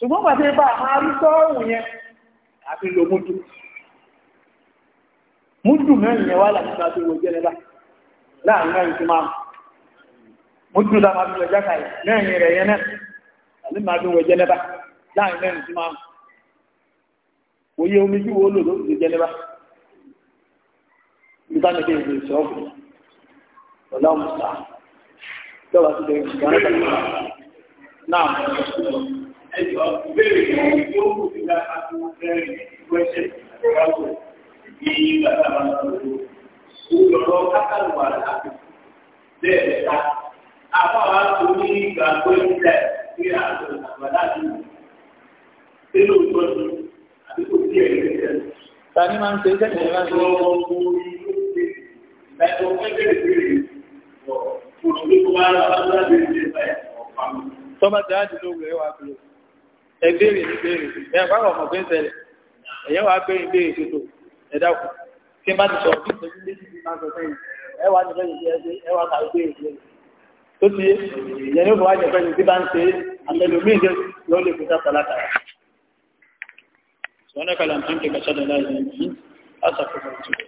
ṣùgbọ́n pàtí bá máa rí sọ́ọ̀rùn yẹn àfi lo múdù múdù mẹ́rin yẹn wá láti máa fi wo jẹ́lẹ́bá láàrin mẹ́rin tí máa múdù láti máa fi wọ jákàí mẹ́rin rẹ̀ yẹn náà àti máa fi wo jẹ́lẹ́bá láàrin mẹ́rin tí máa oye omi tí wo lò ló fi jẹ́lẹ́bá nígbà mi ẹjọ́ ìbéèrè yìí yóò kú sí ká àti ẹ̀rí ìwẹ́sẹ̀ ìgbàgbọ́ ní bàtà máa ń lò ó yọ̀rọ̀ kákàlùwà láti bẹ́ẹ̀ ta àbáwá tó ní ìgbàgbọ́ ìtẹ̀ sí àgbẹ̀ àgbàdá ti wù nínú ìtọ́jú àti kò sí ẹ̀rí ìtẹ̀. Tani máa ń ṣe iṣẹ́ ìṣẹ́ láti ṣe. Ọ̀pọ̀ ọmọ orí ló ṣe ìdájọ́ pẹ́ẹ́lẹ́ ìbéèrè ọ̀pọ̀ olùdókòwò alábàdàn lè ṣe báyìí ọ̀pá ẹ béèrè ní béèrè ẹ báwọn ọmọ pé ń ṣẹlẹ̀ ẹ̀yẹ́ wàá gbé ìbéèrè tuntun ẹ dákun kí n bá ti sọ̀rọ̀ bí ìṣẹ́jú méjì bí máa sọ sẹ́yìn ẹ wàá nífẹ̀ẹ́ yìí ẹ ẹ wàá kà ìbéèrè yìí tó ti yé ìyẹn ní òfin wàá nífẹ̀ẹ́ yìí bá ń ṣe àtẹlómìn jẹ ló lè kúta pọ̀ sọ̀rọ̀ nípa làǹtí ń kẹ́kẹ́ sọ́dọ̀ láì